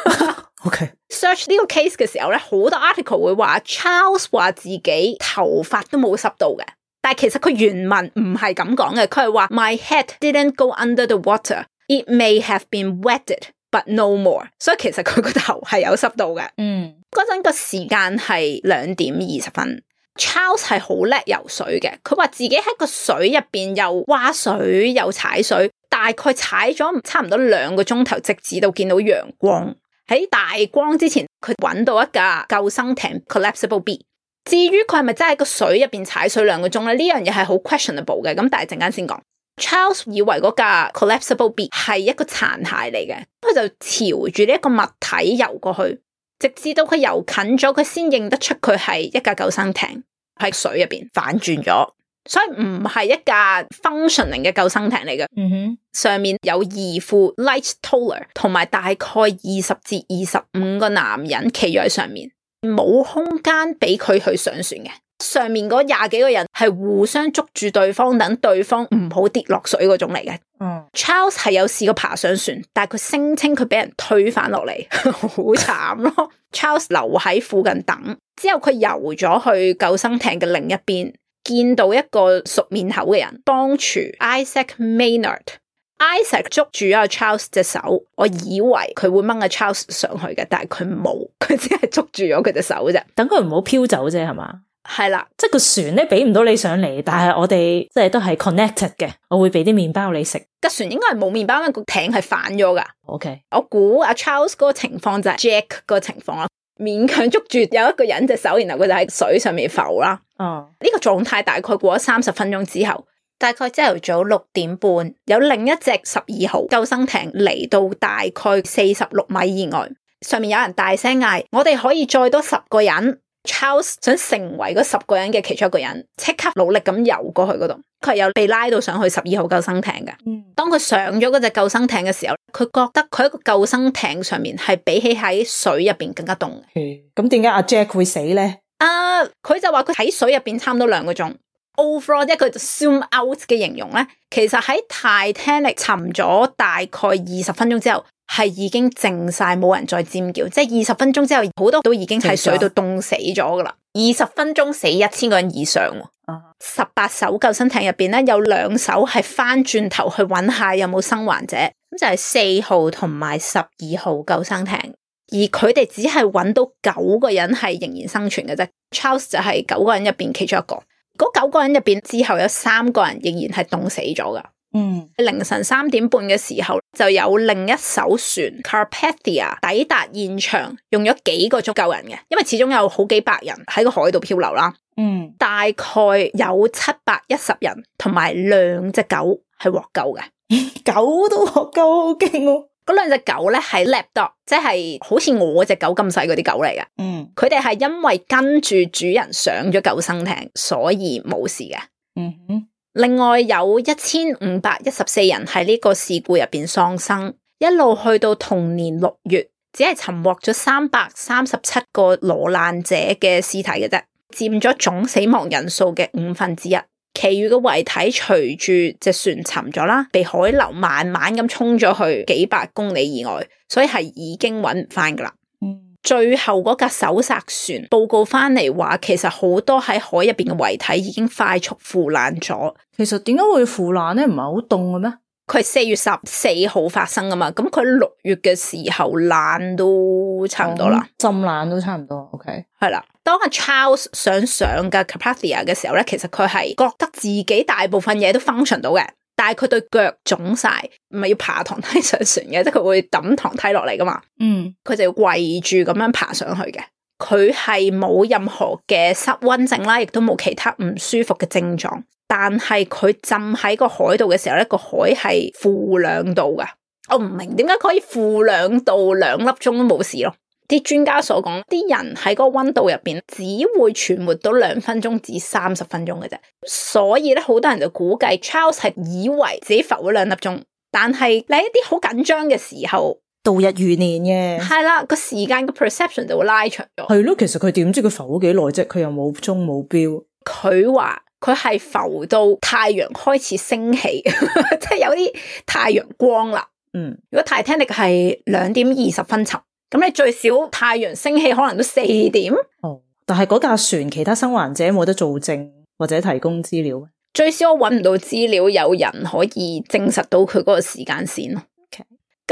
[SPEAKER 1] OK，Search 呢個 case 嘅時候咧，好多 article 會話 Charles 話自己頭髮都冇濕到嘅，但係其實佢原文唔係咁講嘅，佢係話 My head didn't go under the water. It may have been wetted, but no more。所以其實佢個頭係有濕到嘅。嗯，嗰陣個時間係兩點二十分。Charles 係好叻游水嘅，佢話自己喺個水入邊又挖水又踩水，大概踩咗差唔多兩個鐘頭，直至到見到陽光。喺大光之前，佢揾到一架救生艇 （Collapsible B）。至於佢係咪真係喺個水入邊踩水兩個鐘咧？呢樣嘢係好 questionable 嘅。咁但係陣間先講。Charles 以為嗰架 Collapsible B 係一個殘骸嚟嘅，佢就朝住呢一個物體游過去，直至到佢游近咗，佢先認得出佢係一架救生艇喺水入邊反轉咗。所以唔係一架 functioning 嘅救生艇嚟嘅，mm hmm. 上面有二副 Lightoller，同埋大概二十至二十五個男人企咗喺上面，冇空間俾佢去上船嘅。上面嗰廿幾個人係互相捉住對方，等對方唔好跌落水嗰種嚟嘅。Mm hmm. Charles 係有試過爬上船，但係佢聲稱佢俾人推翻落嚟，好 [LAUGHS] 慘咯。 [LAUGHS] Charles 留喺附近等，之後佢游咗去救生艇嘅另一邊。見到一個熟面口嘅人，當廚 Isaac Maynard，Isaac 捉住阿 Charles 隻手，我以為佢會掹阿 Charles 上去嘅，但係佢冇，佢只係捉住咗佢隻手啫。等佢唔好飄走啫，係嘛？係啦，即係個船咧俾唔到你上嚟，但係我
[SPEAKER 2] 哋即係都係 connected 嘅，我會俾啲麵包你食。
[SPEAKER 1] 個船應該係冇麵包，個艇係反咗噶。OK，我估阿 Charles 嗰個情況就係 Jack 個情況啦，勉強捉住有一個人隻手，然後佢就喺水上面浮啦。哦，呢個狀態大概過咗三十分鐘之後，大概朝頭早六點半，有另一隻十二號救生艇嚟到大概四十六米以外，上面有人大聲嗌：我哋可以再多十個人。Charles 想成為嗰十個人嘅其中一個人，即刻努力咁游過去嗰度，佢又被拉到上去十二號救生艇嘅。當佢上咗嗰隻救生艇嘅時候，佢覺得佢喺個救生艇上面係比起喺水入邊更加凍嘅。咁點解阿 Jack 會死呢？啊！佢、uh, 就話佢喺水入邊差唔多兩個鐘，over 即係佢 zoom out 嘅形容咧。其實喺 Titanic 沉咗大概二十分鐘之後，係已經靜晒，冇人再尖叫。即係二十分鐘之後，好多都已經喺水度凍死咗噶啦。二十下分鐘死一千個人以上。十八艘救生艇入邊咧，有兩艘係翻轉頭去揾下有冇生還者。咁就係、是、四號同埋十二號救生艇。而佢哋只係揾到九個人係仍然生存嘅啫，Charles 就係九個人入邊其中一個。嗰九個人入邊之後有三個人仍然係凍死咗㗎。嗯，凌晨三點半嘅時候就有另一艘船 Carpathia 抵達現場，用咗幾個鐘救人嘅，因為始終有好幾百人喺個海度漂流啦。嗯，大概有七百一十人同埋兩隻狗係獲救嘅， [LAUGHS] 狗都獲救，好勁哦！嗰兩隻狗咧係 lapdog，即係好似我隻狗咁細嗰啲狗嚟嘅。嗯，佢哋係因為跟住主人上咗救生艇，所以冇事嘅。嗯哼。另外有一千五百一十四人喺呢個事故入邊喪生，一路去到同年六月，只係尋獲咗三百三十七個罹難者嘅屍體嘅啫，佔咗總死亡人數嘅五分之一。其餘嘅遺體隨住隻船沉咗啦，被海流慢慢咁沖咗去幾百公里以外，所以係已經揾唔翻噶啦。嗯、最後嗰架搜索船報告翻嚟話，其實好多喺海入邊嘅遺體已經快速腐爛咗。其實點解會腐爛咧？唔係好凍嘅咩？佢係四月十四號發生噶嘛？咁佢六月嘅時候爛都差唔多啦，浸爛、嗯、都差唔多。OK，係啦。當阿 Charles 想上上嘅 Carpathia 嘅時候咧，其實佢係覺得自己大部分嘢都 function 到嘅，但係佢對腳腫晒，唔係要爬堂梯上船嘅，即係佢會抌堂梯落嚟噶嘛。嗯，佢就要跪住咁樣爬上去嘅。佢係冇任何嘅失溫症啦，亦都冇其他唔舒服嘅症狀。但係佢浸喺個海度嘅時候咧，個海係負兩度噶，我唔明點解可以負兩度兩粒鐘都冇事咯。啲專家所講，啲人喺嗰個溫度入邊，只會存活到兩分鐘至三十分鐘嘅啫。所以咧，好多人就估計 Charles 係以為自己浮咗兩粒鐘，但係你喺一啲好緊張嘅時候，度日如年嘅係啦，個時間個 perception 就會拉長咗。
[SPEAKER 2] 係咯，其實佢點知佢浮咗幾耐啫？佢又冇鐘冇表，
[SPEAKER 1] 佢話。佢係浮到太陽開始升起， [LAUGHS] 即係有啲太陽光啦。嗯，如果 Titanic 係兩點二十分沉，咁你最少太陽升起可能都四點。
[SPEAKER 2] 哦，但係嗰架船其他生還者冇得做證或者提供資料。
[SPEAKER 1] 最少我搵唔到資料，有人可以證實到佢嗰個時間線咯。咁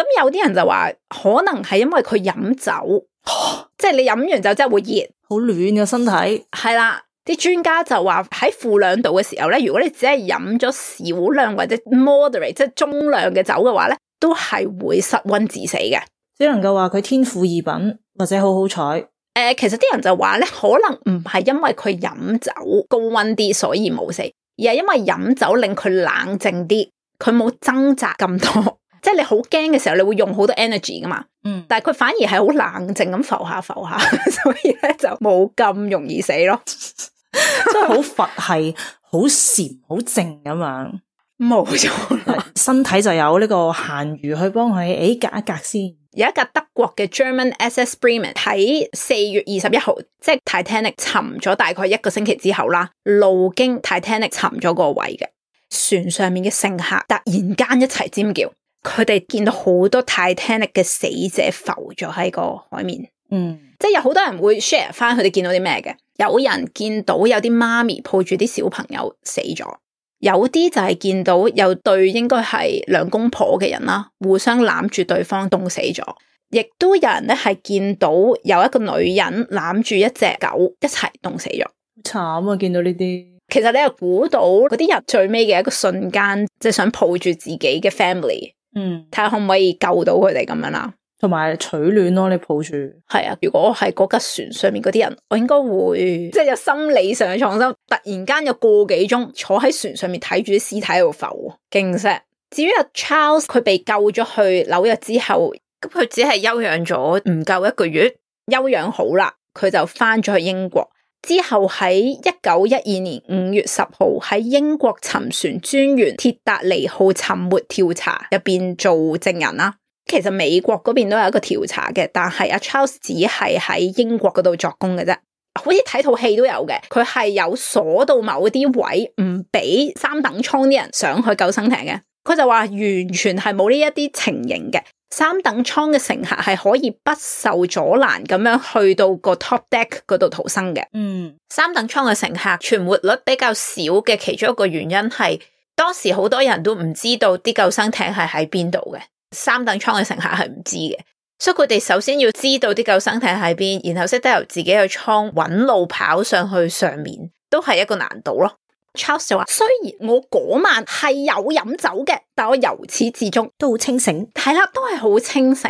[SPEAKER 1] Okay. 有啲人就話，可能係因為佢飲酒， [LAUGHS] 即係你飲完酒真係會熱，好暖嘅身體。係啦。啲專家就話喺負兩度嘅時候咧，如果你只係飲咗少量或者 moderate 即係中量嘅酒嘅話咧，都係會失溫致死嘅。只能夠話佢天賦異稟，或者好好彩。誒、呃，其實啲人就話咧，可能唔係因為佢飲酒高溫啲所以冇死，而係因為飲酒令佢冷靜啲，佢冇掙扎咁多。即 [LAUGHS] 係你好驚嘅時候，你會用好多 energy 噶嘛。嗯。但係佢反而係好冷靜咁浮下浮下， [LAUGHS] 所以咧就冇咁容易死咯。
[SPEAKER 2] [LAUGHS] 真係好佛系，好禪，好靜咁樣，冇錯。身體就有呢個閒餘去幫佢，誒、哎，
[SPEAKER 1] 夾一夾先。 [LAUGHS] 有一架德國嘅 German SS Bremen 喺四月二十一號，即係 Titanic 沉咗大概一個星期之後啦，路經 Titanic 沉咗個位嘅船上面嘅乘客突然間一齊尖叫，佢哋見到好多 Titanic 嘅死者浮咗喺個海面。嗯，即係有好多人會 share 翻佢哋見到啲咩嘅，有人見到有啲媽咪抱住啲小朋友死咗，有啲就係見到有對應該係兩公婆嘅人啦，互相攬住對方凍死咗，亦都有人咧係見到有一個女人攬住一隻狗一齊凍死咗，好慘啊！見到呢啲，其實你又估到嗰啲人最尾嘅一個瞬間，即係想抱住自己嘅 family，嗯，睇下可唔可以救到佢哋咁樣啦。同埋取暖咯。啊，你抱住係啊！如果係嗰架船上面嗰啲人，我應該會即係、就是、有心理上嘅創傷。突然間有個幾鐘坐喺船上面睇住啲屍體喺度浮，勁錫。至於阿 Charles，佢被救咗去紐約之後，咁佢只係休養咗唔夠一個月，休養好啦，佢就翻咗去英國。之後喺一九一二年五月十號喺英國沉船專員鐵達尼號沉沒調查入邊做證人啦。其實美國嗰邊都有一個調查嘅，但係阿 Charles 只係喺英國嗰度作工嘅啫，好似睇套戲都有嘅。佢係有鎖到某啲位，唔俾三等艙啲人上去救生艇嘅。佢就話完全係冇呢一啲情形嘅，三等艙嘅乘客係可以不受阻攔咁樣去到個 top deck 嗰度逃生嘅。嗯，三等艙嘅乘客存活率比較少嘅其中一個原因係當時好多人都唔知道啲救生艇係喺邊度嘅。三等艙嘅乘客係唔知嘅，所以佢哋首先要知道啲救生艇喺邊，然後識得由自己嘅艙搵路跑上去上面，都係一個難度咯。Charles 就話：雖然我嗰晚係有飲酒嘅，但我由始至終都好清醒，係啦，都係好清醒。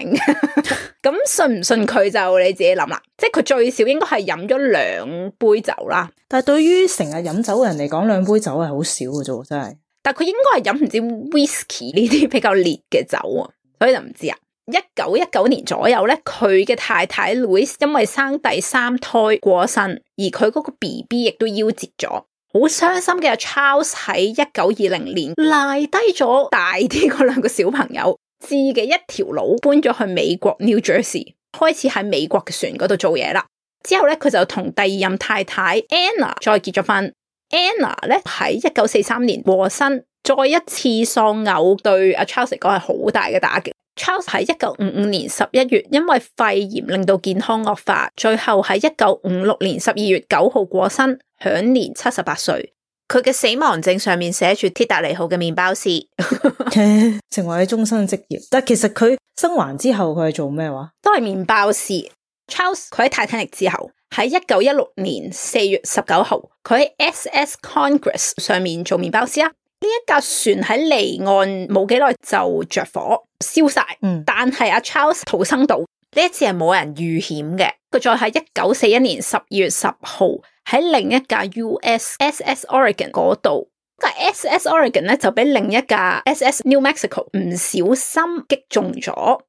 [SPEAKER 1] 咁 [LAUGHS] [LAUGHS] 信唔信佢就你自己諗啦。即係佢最少應該係飲咗兩杯酒啦。
[SPEAKER 2] 但係對於成日飲酒嘅人嚟講，兩杯酒係好少嘅啫，
[SPEAKER 1] 真係。但係佢應該係飲唔知 whisky 呢啲比較烈嘅酒啊。所以就唔知啊！一九一九年左右咧，佢嘅太太 Louise 因為生第三胎過身，而佢嗰個 BB 亦都夭折咗，好傷心嘅 Charles 喺一九二零年賴低咗大啲嗰兩個小朋友，自己一條佬搬咗去美國 New Jersey，開始喺美國嘅船嗰度做嘢啦。之後咧，佢就同第二任太太 Anna 再結咗婚。Anna 咧喺一九四三年過身。再一次喪偶對阿 Charles 嚟講係好大嘅打擊。Charles 喺一九五五年十一月，因為肺炎令到健康惡化，最後喺一九五六年十二月九號過身，享年七十八歲。佢嘅死亡證上面寫住鐵達尼號嘅麵包師，
[SPEAKER 2] [LAUGHS] [LAUGHS] 成為佢終身職業。但其實佢
[SPEAKER 1] 生還之後，佢係做咩話？都係麵包師。Charles 佢喺泰坦尼克之後，喺一九一六年四月十九號，佢喺 S S Congress 上面做麵包師啊！呢一架船喺離岸冇幾耐就着火燒晒，燒嗯、但係阿 Charles 逃生到呢一次係冇人遇險嘅。佢再喺一九四一年十二月十號喺另一架 U.S.S s Oregon 嗰度，架 S.S Oregon 咧就俾另一架 S.S New Mexico 唔小心擊中咗，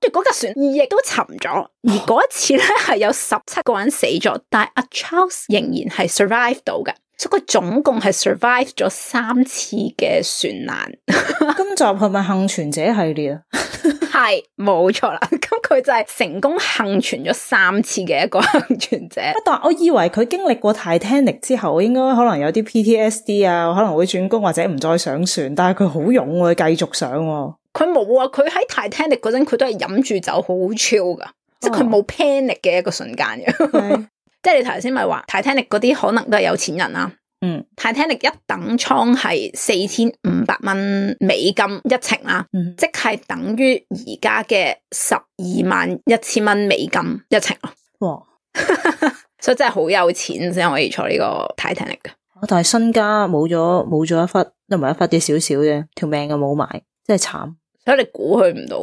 [SPEAKER 1] 跟住嗰架船亦都沉咗。而嗰一次咧係、啊、有十七個人死咗，但係阿 Charles 仍然係 survive 到嘅。佢總共係 survive 咗三次嘅船難， [LAUGHS] 今
[SPEAKER 2] 集係咪幸存者系列啊？
[SPEAKER 1] 係， [LAUGHS] [LAUGHS] 冇錯啦。咁佢就係成功幸存咗三次嘅一個幸存者。不
[SPEAKER 2] 過我以為佢經歷過 Titanic 之後，應該可能有啲 PTSD 啊，可能會轉工或者唔再上船。但係佢好勇、啊，佢繼續上。
[SPEAKER 1] 佢冇啊！佢喺 Titanic 嗰陣，佢都係飲住酒好超㗎，哦、即係佢冇 panic 嘅一個瞬間嘅。 [LAUGHS] 即係你頭先咪話 Titanic 嗰啲可能都係有錢人啦、啊。嗯，Titanic 一等倉係四千五百蚊美金一程啦、啊，嗯、即係等於而家嘅十二萬一千蚊美金一程咯、啊。哇！ [LAUGHS] 所以真係好有錢先可以坐呢個 Titanic 嘅。
[SPEAKER 2] 我但係身家冇咗冇咗一忽，入埋一忽啲少少啫，條命又冇埋，真係慘。
[SPEAKER 1] 所以你估佢唔到。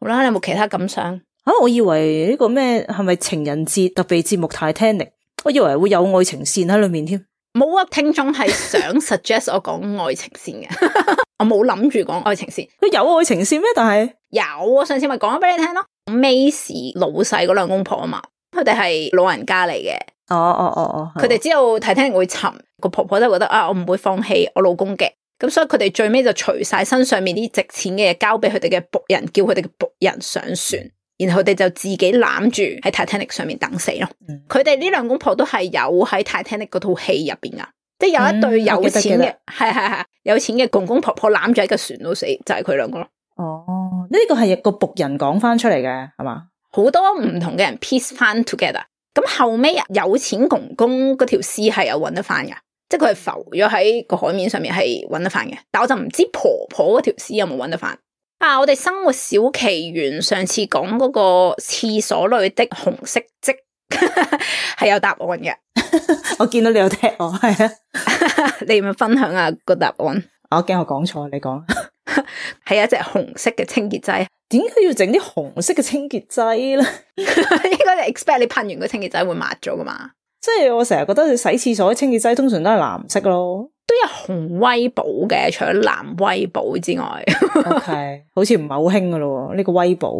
[SPEAKER 2] 好啦，你有冇其他感想？吓、啊，我以為呢個咩係咪情人節特別節目？Titanic 我以為會有愛情線喺裏面添。冇啊，聽眾係想 suggest 我講
[SPEAKER 1] 愛情線嘅， [LAUGHS] 我冇諗住講愛情線。佢有愛情線咩？但係有啊，上次咪講咗俾你聽咯。Macy 老細嗰兩公婆啊嘛，佢哋係老人家嚟嘅。哦哦哦哦，佢哋知道 Titanic 會沉，個婆婆都係覺得啊，我唔會放棄我老公嘅。咁所以佢哋最尾就除晒身上面啲值錢嘅嘢，交俾佢哋嘅僕人，叫佢哋嘅僕人上船。然後佢哋就自己攬住喺 Titanic 上面等死咯。佢哋呢兩公婆都係有喺 Titanic 嗰套戲入邊噶，即係有一對有錢嘅，係係係有錢嘅公公婆婆攬住喺個船度死，就係佢兩個咯。哦，呢個係個僕人講翻出嚟嘅係嘛？好多唔同嘅人 piece 翻 together。咁後尾啊，有錢公公嗰條屍係有揾得翻噶，即係佢係浮咗喺個海面上面係揾得翻嘅。但我就唔知婆婆嗰條屍有冇揾得翻。啊！我哋生活小奇懸上次講嗰個廁所裡的紅色跡係 [LAUGHS] 有答案嘅，
[SPEAKER 2] [LAUGHS] 我見到你有踢我，係啊，
[SPEAKER 1] [LAUGHS] 你要唔要分享啊個答案？
[SPEAKER 2] [LAUGHS] 我驚我講錯，你講
[SPEAKER 1] 係 [LAUGHS] 一隻紅色嘅清潔劑，點 [LAUGHS] 解要整啲紅色嘅清潔劑咧？ [LAUGHS] [LAUGHS] 應該 expect 你噴完個清潔劑會抹咗噶嘛？
[SPEAKER 2] 即係我成日覺得你洗廁所清潔劑通常都係藍色咯，都有紅
[SPEAKER 1] 威寶嘅，除咗藍威寶之外 [LAUGHS] ，OK，
[SPEAKER 2] 好似唔係好興噶咯，呢、這個威寶。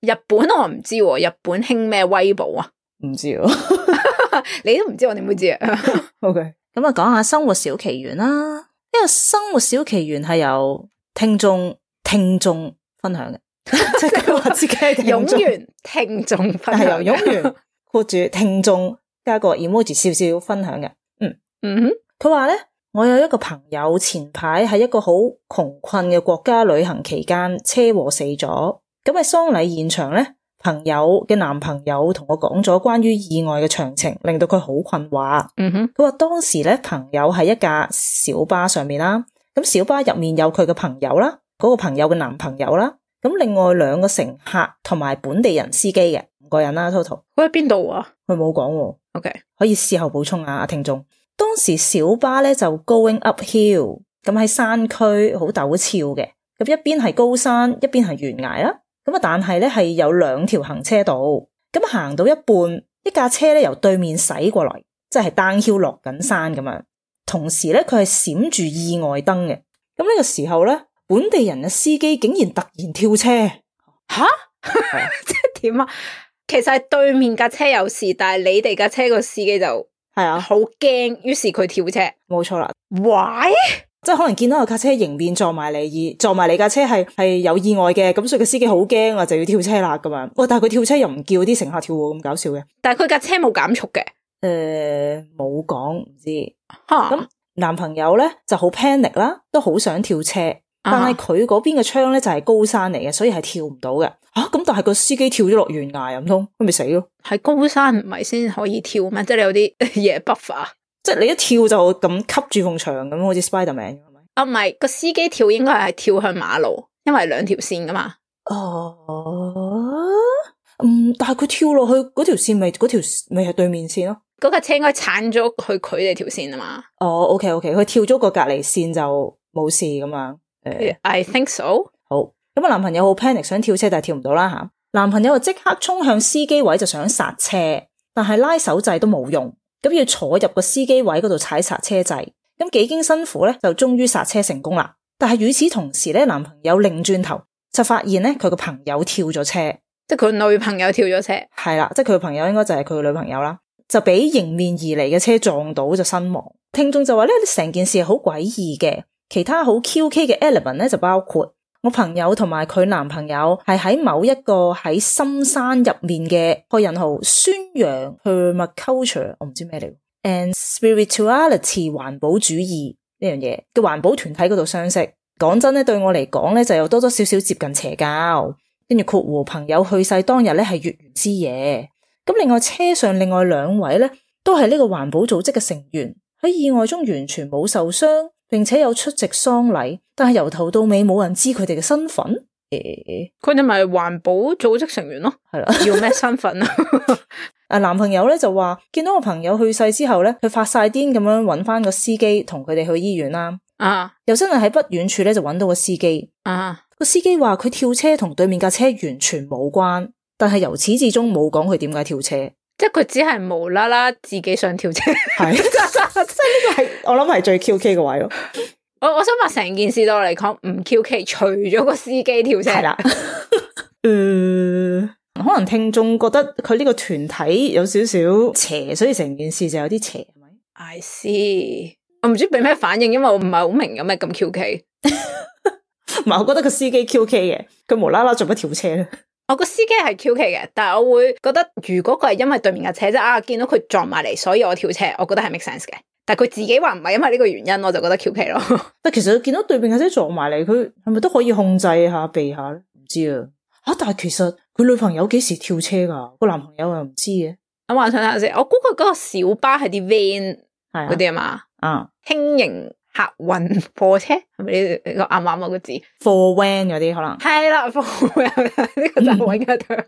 [SPEAKER 1] 日本知 [LAUGHS] [LAUGHS] 我唔知，日本興咩威寶啊？唔知啊，你都唔知我點會知啊？OK，
[SPEAKER 2] 咁啊，講下生活小奇緣啦，呢個生活小奇緣係由聽眾聽眾分享嘅， [LAUGHS] 即係我自己聽眾。演員
[SPEAKER 1] 聽眾，係由演員
[SPEAKER 2] hold 住聽眾。2: [LAUGHS] 加一個 emoji，少少分享嘅。嗯嗯，佢話咧，我有一個朋友前排喺一個好窮困嘅國家旅行期間車禍死咗。咁喺喪禮現場咧，朋友嘅男朋友同我講咗關於意外嘅詳情，令到佢好困惑。嗯哼、mm，佢、hmm. 話當時咧，朋友喺一架小巴上面啦。咁小巴入面有佢嘅朋友啦，嗰、嗰個朋友嘅男朋友啦，咁另外兩個乘客同埋本地人司機嘅。個人啦，Toto，佢喺邊度啊？佢冇講，OK，可以事後補充啊，聽眾。當時小巴咧就 going uphill，咁、嗯、喺山區好陡峭嘅，咁、嗯、一邊係高山，一邊係懸崖啦。咁、嗯、啊，但係咧係有兩條行車道，咁、嗯、行到一半，一架車咧由對面駛過嚟，即係 down hill 落緊山咁樣。同時咧，佢係閃住意外燈嘅。咁、嗯、呢、嗯這個時候咧，本地人嘅司機竟然突然跳車，
[SPEAKER 1] 吓蛤，即係點啊？.其實係對面架車有事，但係你哋架車個司機就係啊好驚，於是佢跳車，冇錯啦。Why？即
[SPEAKER 2] 係可能見到個架車迎面撞埋你，而撞埋你架車係係有意外嘅，咁所以個司機好驚啊，就要跳車啦咁啊。哇！但係佢跳車又唔叫啲乘客跳，咁搞笑嘅。
[SPEAKER 1] 但係佢架車冇減速嘅，
[SPEAKER 2] 誒冇講唔知。
[SPEAKER 1] 咁 Huh?
[SPEAKER 2] 男朋友咧就好 panic 啦，都好想跳車。但係佢嗰邊嘅窗咧就係高山嚟嘅，所以係跳唔到嘅。吓、啊、咁，但係個司機跳咗落懸崖啊，通佢咪死咯？係高山唔係先可以跳
[SPEAKER 1] 咩？即係你有啲嘢筆法，
[SPEAKER 2] 即係你一跳就咁吸住埲牆咁，好似 Spiderman
[SPEAKER 1] 係咪？啊，唔係個司機跳應該係跳向馬路，因為兩條線噶嘛。哦、啊，
[SPEAKER 2] 嗯，但係佢跳落去嗰條線咪嗰條咪係對面線
[SPEAKER 1] 咯，啊？嗰架車應該鏟咗去佢哋條線啊嘛。
[SPEAKER 2] 哦，OK OK，佢跳咗個隔離線就冇事咁樣。Uh,
[SPEAKER 1] I think so。
[SPEAKER 2] 好，咁啊，男朋友好 panic，想跳車，但係跳唔到啦吓。男朋友就即刻衝向司機位，就想剎車，但係拉手掣都冇用，咁要坐入個司機位嗰度踩剎車掣。咁幾經辛苦咧，就終於剎車成功啦。但係與此同時咧，男朋友擰轉頭就發現咧，佢個朋友跳咗車，即係佢女朋友跳咗車。係啦，即係佢個朋友應該就係佢個女朋友啦，就俾迎面而嚟嘅車撞到就身亡。聽眾就話咧，成件事好詭異嘅。其他好 QK 嘅 element 咧，就包括我朋友同埋佢男朋友係喺某一個喺深山入面嘅，開引號宣揚 hermeculture 我唔知咩嚟，and spirituality 環保主義呢樣嘢嘅環保團體嗰度相識。講真咧，對我嚟講咧，就有多多少少接近邪教，跟住括弧朋友去世當日咧係月圓之夜。咁另外車上另外兩位咧，都係呢個環保組織嘅成員，喺意外中完全冇受傷。並且有出席喪禮，但係由頭到尾冇人知佢哋嘅身份。佢哋咪環
[SPEAKER 1] 保組織成員咯，係啦是的。要咩身份啊？
[SPEAKER 2] 啊，男朋友咧就話見到個朋友去世之後咧，佢發晒癲咁樣揾翻個司機同佢哋去醫院啦。啊又真係喺不遠處咧就揾到個司機。啊，個司機話佢跳車同對面架車完全冇關，但係由始至終冇講佢點解跳車。
[SPEAKER 1] 即係佢只係無啦啦自己想跳車，係即係呢個
[SPEAKER 2] 係我諗係最 Q K 嘅位咯。
[SPEAKER 1] 我我想話成件事對我嚟講唔 Q K，除咗個司機跳車。啦、
[SPEAKER 2] 嗯，誒、嗯，可能聽眾覺得佢呢個團體有少少邪，所以成件事就有啲邪。係咪
[SPEAKER 1] ？I see，我唔知俾咩反應，因為我唔係好明有咩咁 Q K。唔係，
[SPEAKER 2] 我覺得個司機 Q K 嘅，佢無啦啦做乜跳車咧？
[SPEAKER 1] [LAUGHS] 我個司機係 QK 嘅，但係我會覺得如果佢係因為對面嘅車即啊見到佢撞埋嚟，所以我跳車，我覺得係 make sense 嘅。但係佢自己話唔係因為呢個原因，我就覺得 QK 咯。
[SPEAKER 2] 但其實佢見到對面嘅車撞埋嚟，佢係咪都可以控制下避下咧？唔知啊，吓！但係其實佢女朋友幾時跳車噶？個男朋友又唔知嘅。
[SPEAKER 1] 我幻想下先，我估佢嗰個小巴係啲 van 係嗰啲啊嘛，啊輕型。嗯客運貨車係咪呢個啱啱嗰個字？貨 van 嗰啲可能係啦，貨 van 呢個就揾下佢。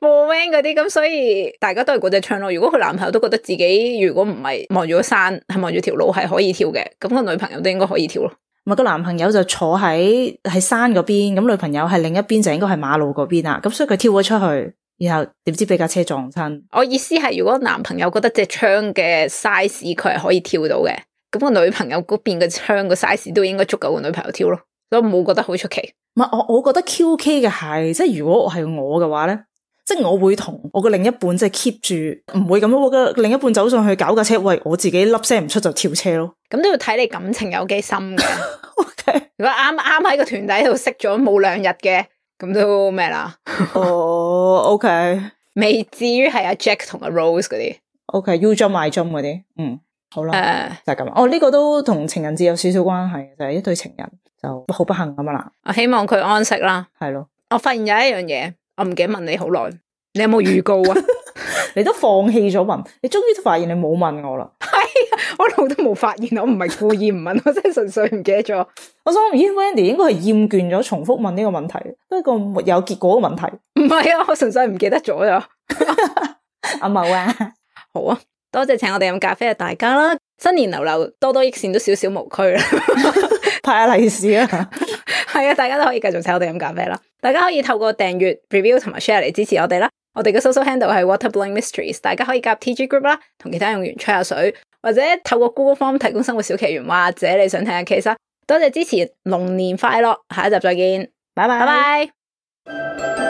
[SPEAKER 1] 貨 van 嗰啲咁，所以大家都係嗰隻窗咯。如果佢男朋友都覺得自己如果唔係望住個山，係望住條路係可以跳嘅，咁個女朋友都應該可以跳咯。
[SPEAKER 2] 咪個男朋友就坐喺喺山嗰邊，咁女朋友係另一邊就應該係馬路嗰邊啦。咁所以佢跳咗出去，然後點知俾架車撞親？
[SPEAKER 1] 我意思係，如果男朋友覺得隻窗嘅 size 佢係可以跳到嘅。咁個女朋友嗰邊個窗個 size 都應該足夠個女朋友跳咯，所以我冇覺得好出奇。
[SPEAKER 2] 唔係我，我覺得 QK 嘅係，即係如果我係我嘅話咧，即係我會同我個另一半即係 keep 住，唔會咁咯。我嘅另一半走上去搞架車，喂，我自己粒聲唔出就跳車咯。
[SPEAKER 1] 咁都要睇你感情有幾深嘅。 [LAUGHS] Okay. 如果啱啱喺個團體度識咗冇兩日嘅，咁都咩啦？
[SPEAKER 2] 哦、 [LAUGHS] uh,，OK，
[SPEAKER 1] 未至於係阿 Jack 同
[SPEAKER 2] 阿 Rose 嗰啲。OK，U、okay, Jump j o m p 嗰啲，嗯。好啦，uh, 就係咁。哦，呢、這個都同情人節有少少關係，就係、是、一對情人就好不幸咁啦。
[SPEAKER 1] 我希望佢安息啦。係咯的，我發現有一樣嘢，我唔記得問你好耐，你有冇預告啊？ [LAUGHS] 你都放棄咗問，
[SPEAKER 2] 你終於都發現你冇問我啦。係啊、 [LAUGHS] 哎，我老都冇發現，我唔係故意唔問， [LAUGHS] 我真係純粹唔記得咗。 [LAUGHS] 我想，咦，Wendy 應該係厭倦咗重複問呢個問題，呢個沒有結
[SPEAKER 1] 果嘅問題。唔係啊，我純粹唔記得咗 [LAUGHS] [LAUGHS] 啊。我冇啊，好啊。好啊。多謝請我哋飲咖啡嘅大家啦，新年流流多多益善都少少無拘啦，
[SPEAKER 2] [LAUGHS] [LAUGHS] 派下利是啊！
[SPEAKER 1] 係啊， [LAUGHS] 大家都可以繼續請我哋飲咖啡啦，大家可以透過訂閱 review 同埋 share 嚟支持我哋啦。我哋嘅 social handle 係 Water Blowing Mysteries，大家可以夾 TG group 啦，同其他用員吹下水，或者透過 Google Form 提供生活小奇懸，或者你想聽嘅 case 啦。多謝支持，龍年快樂，下一集再見，拜拜拜拜。 [MUSIC]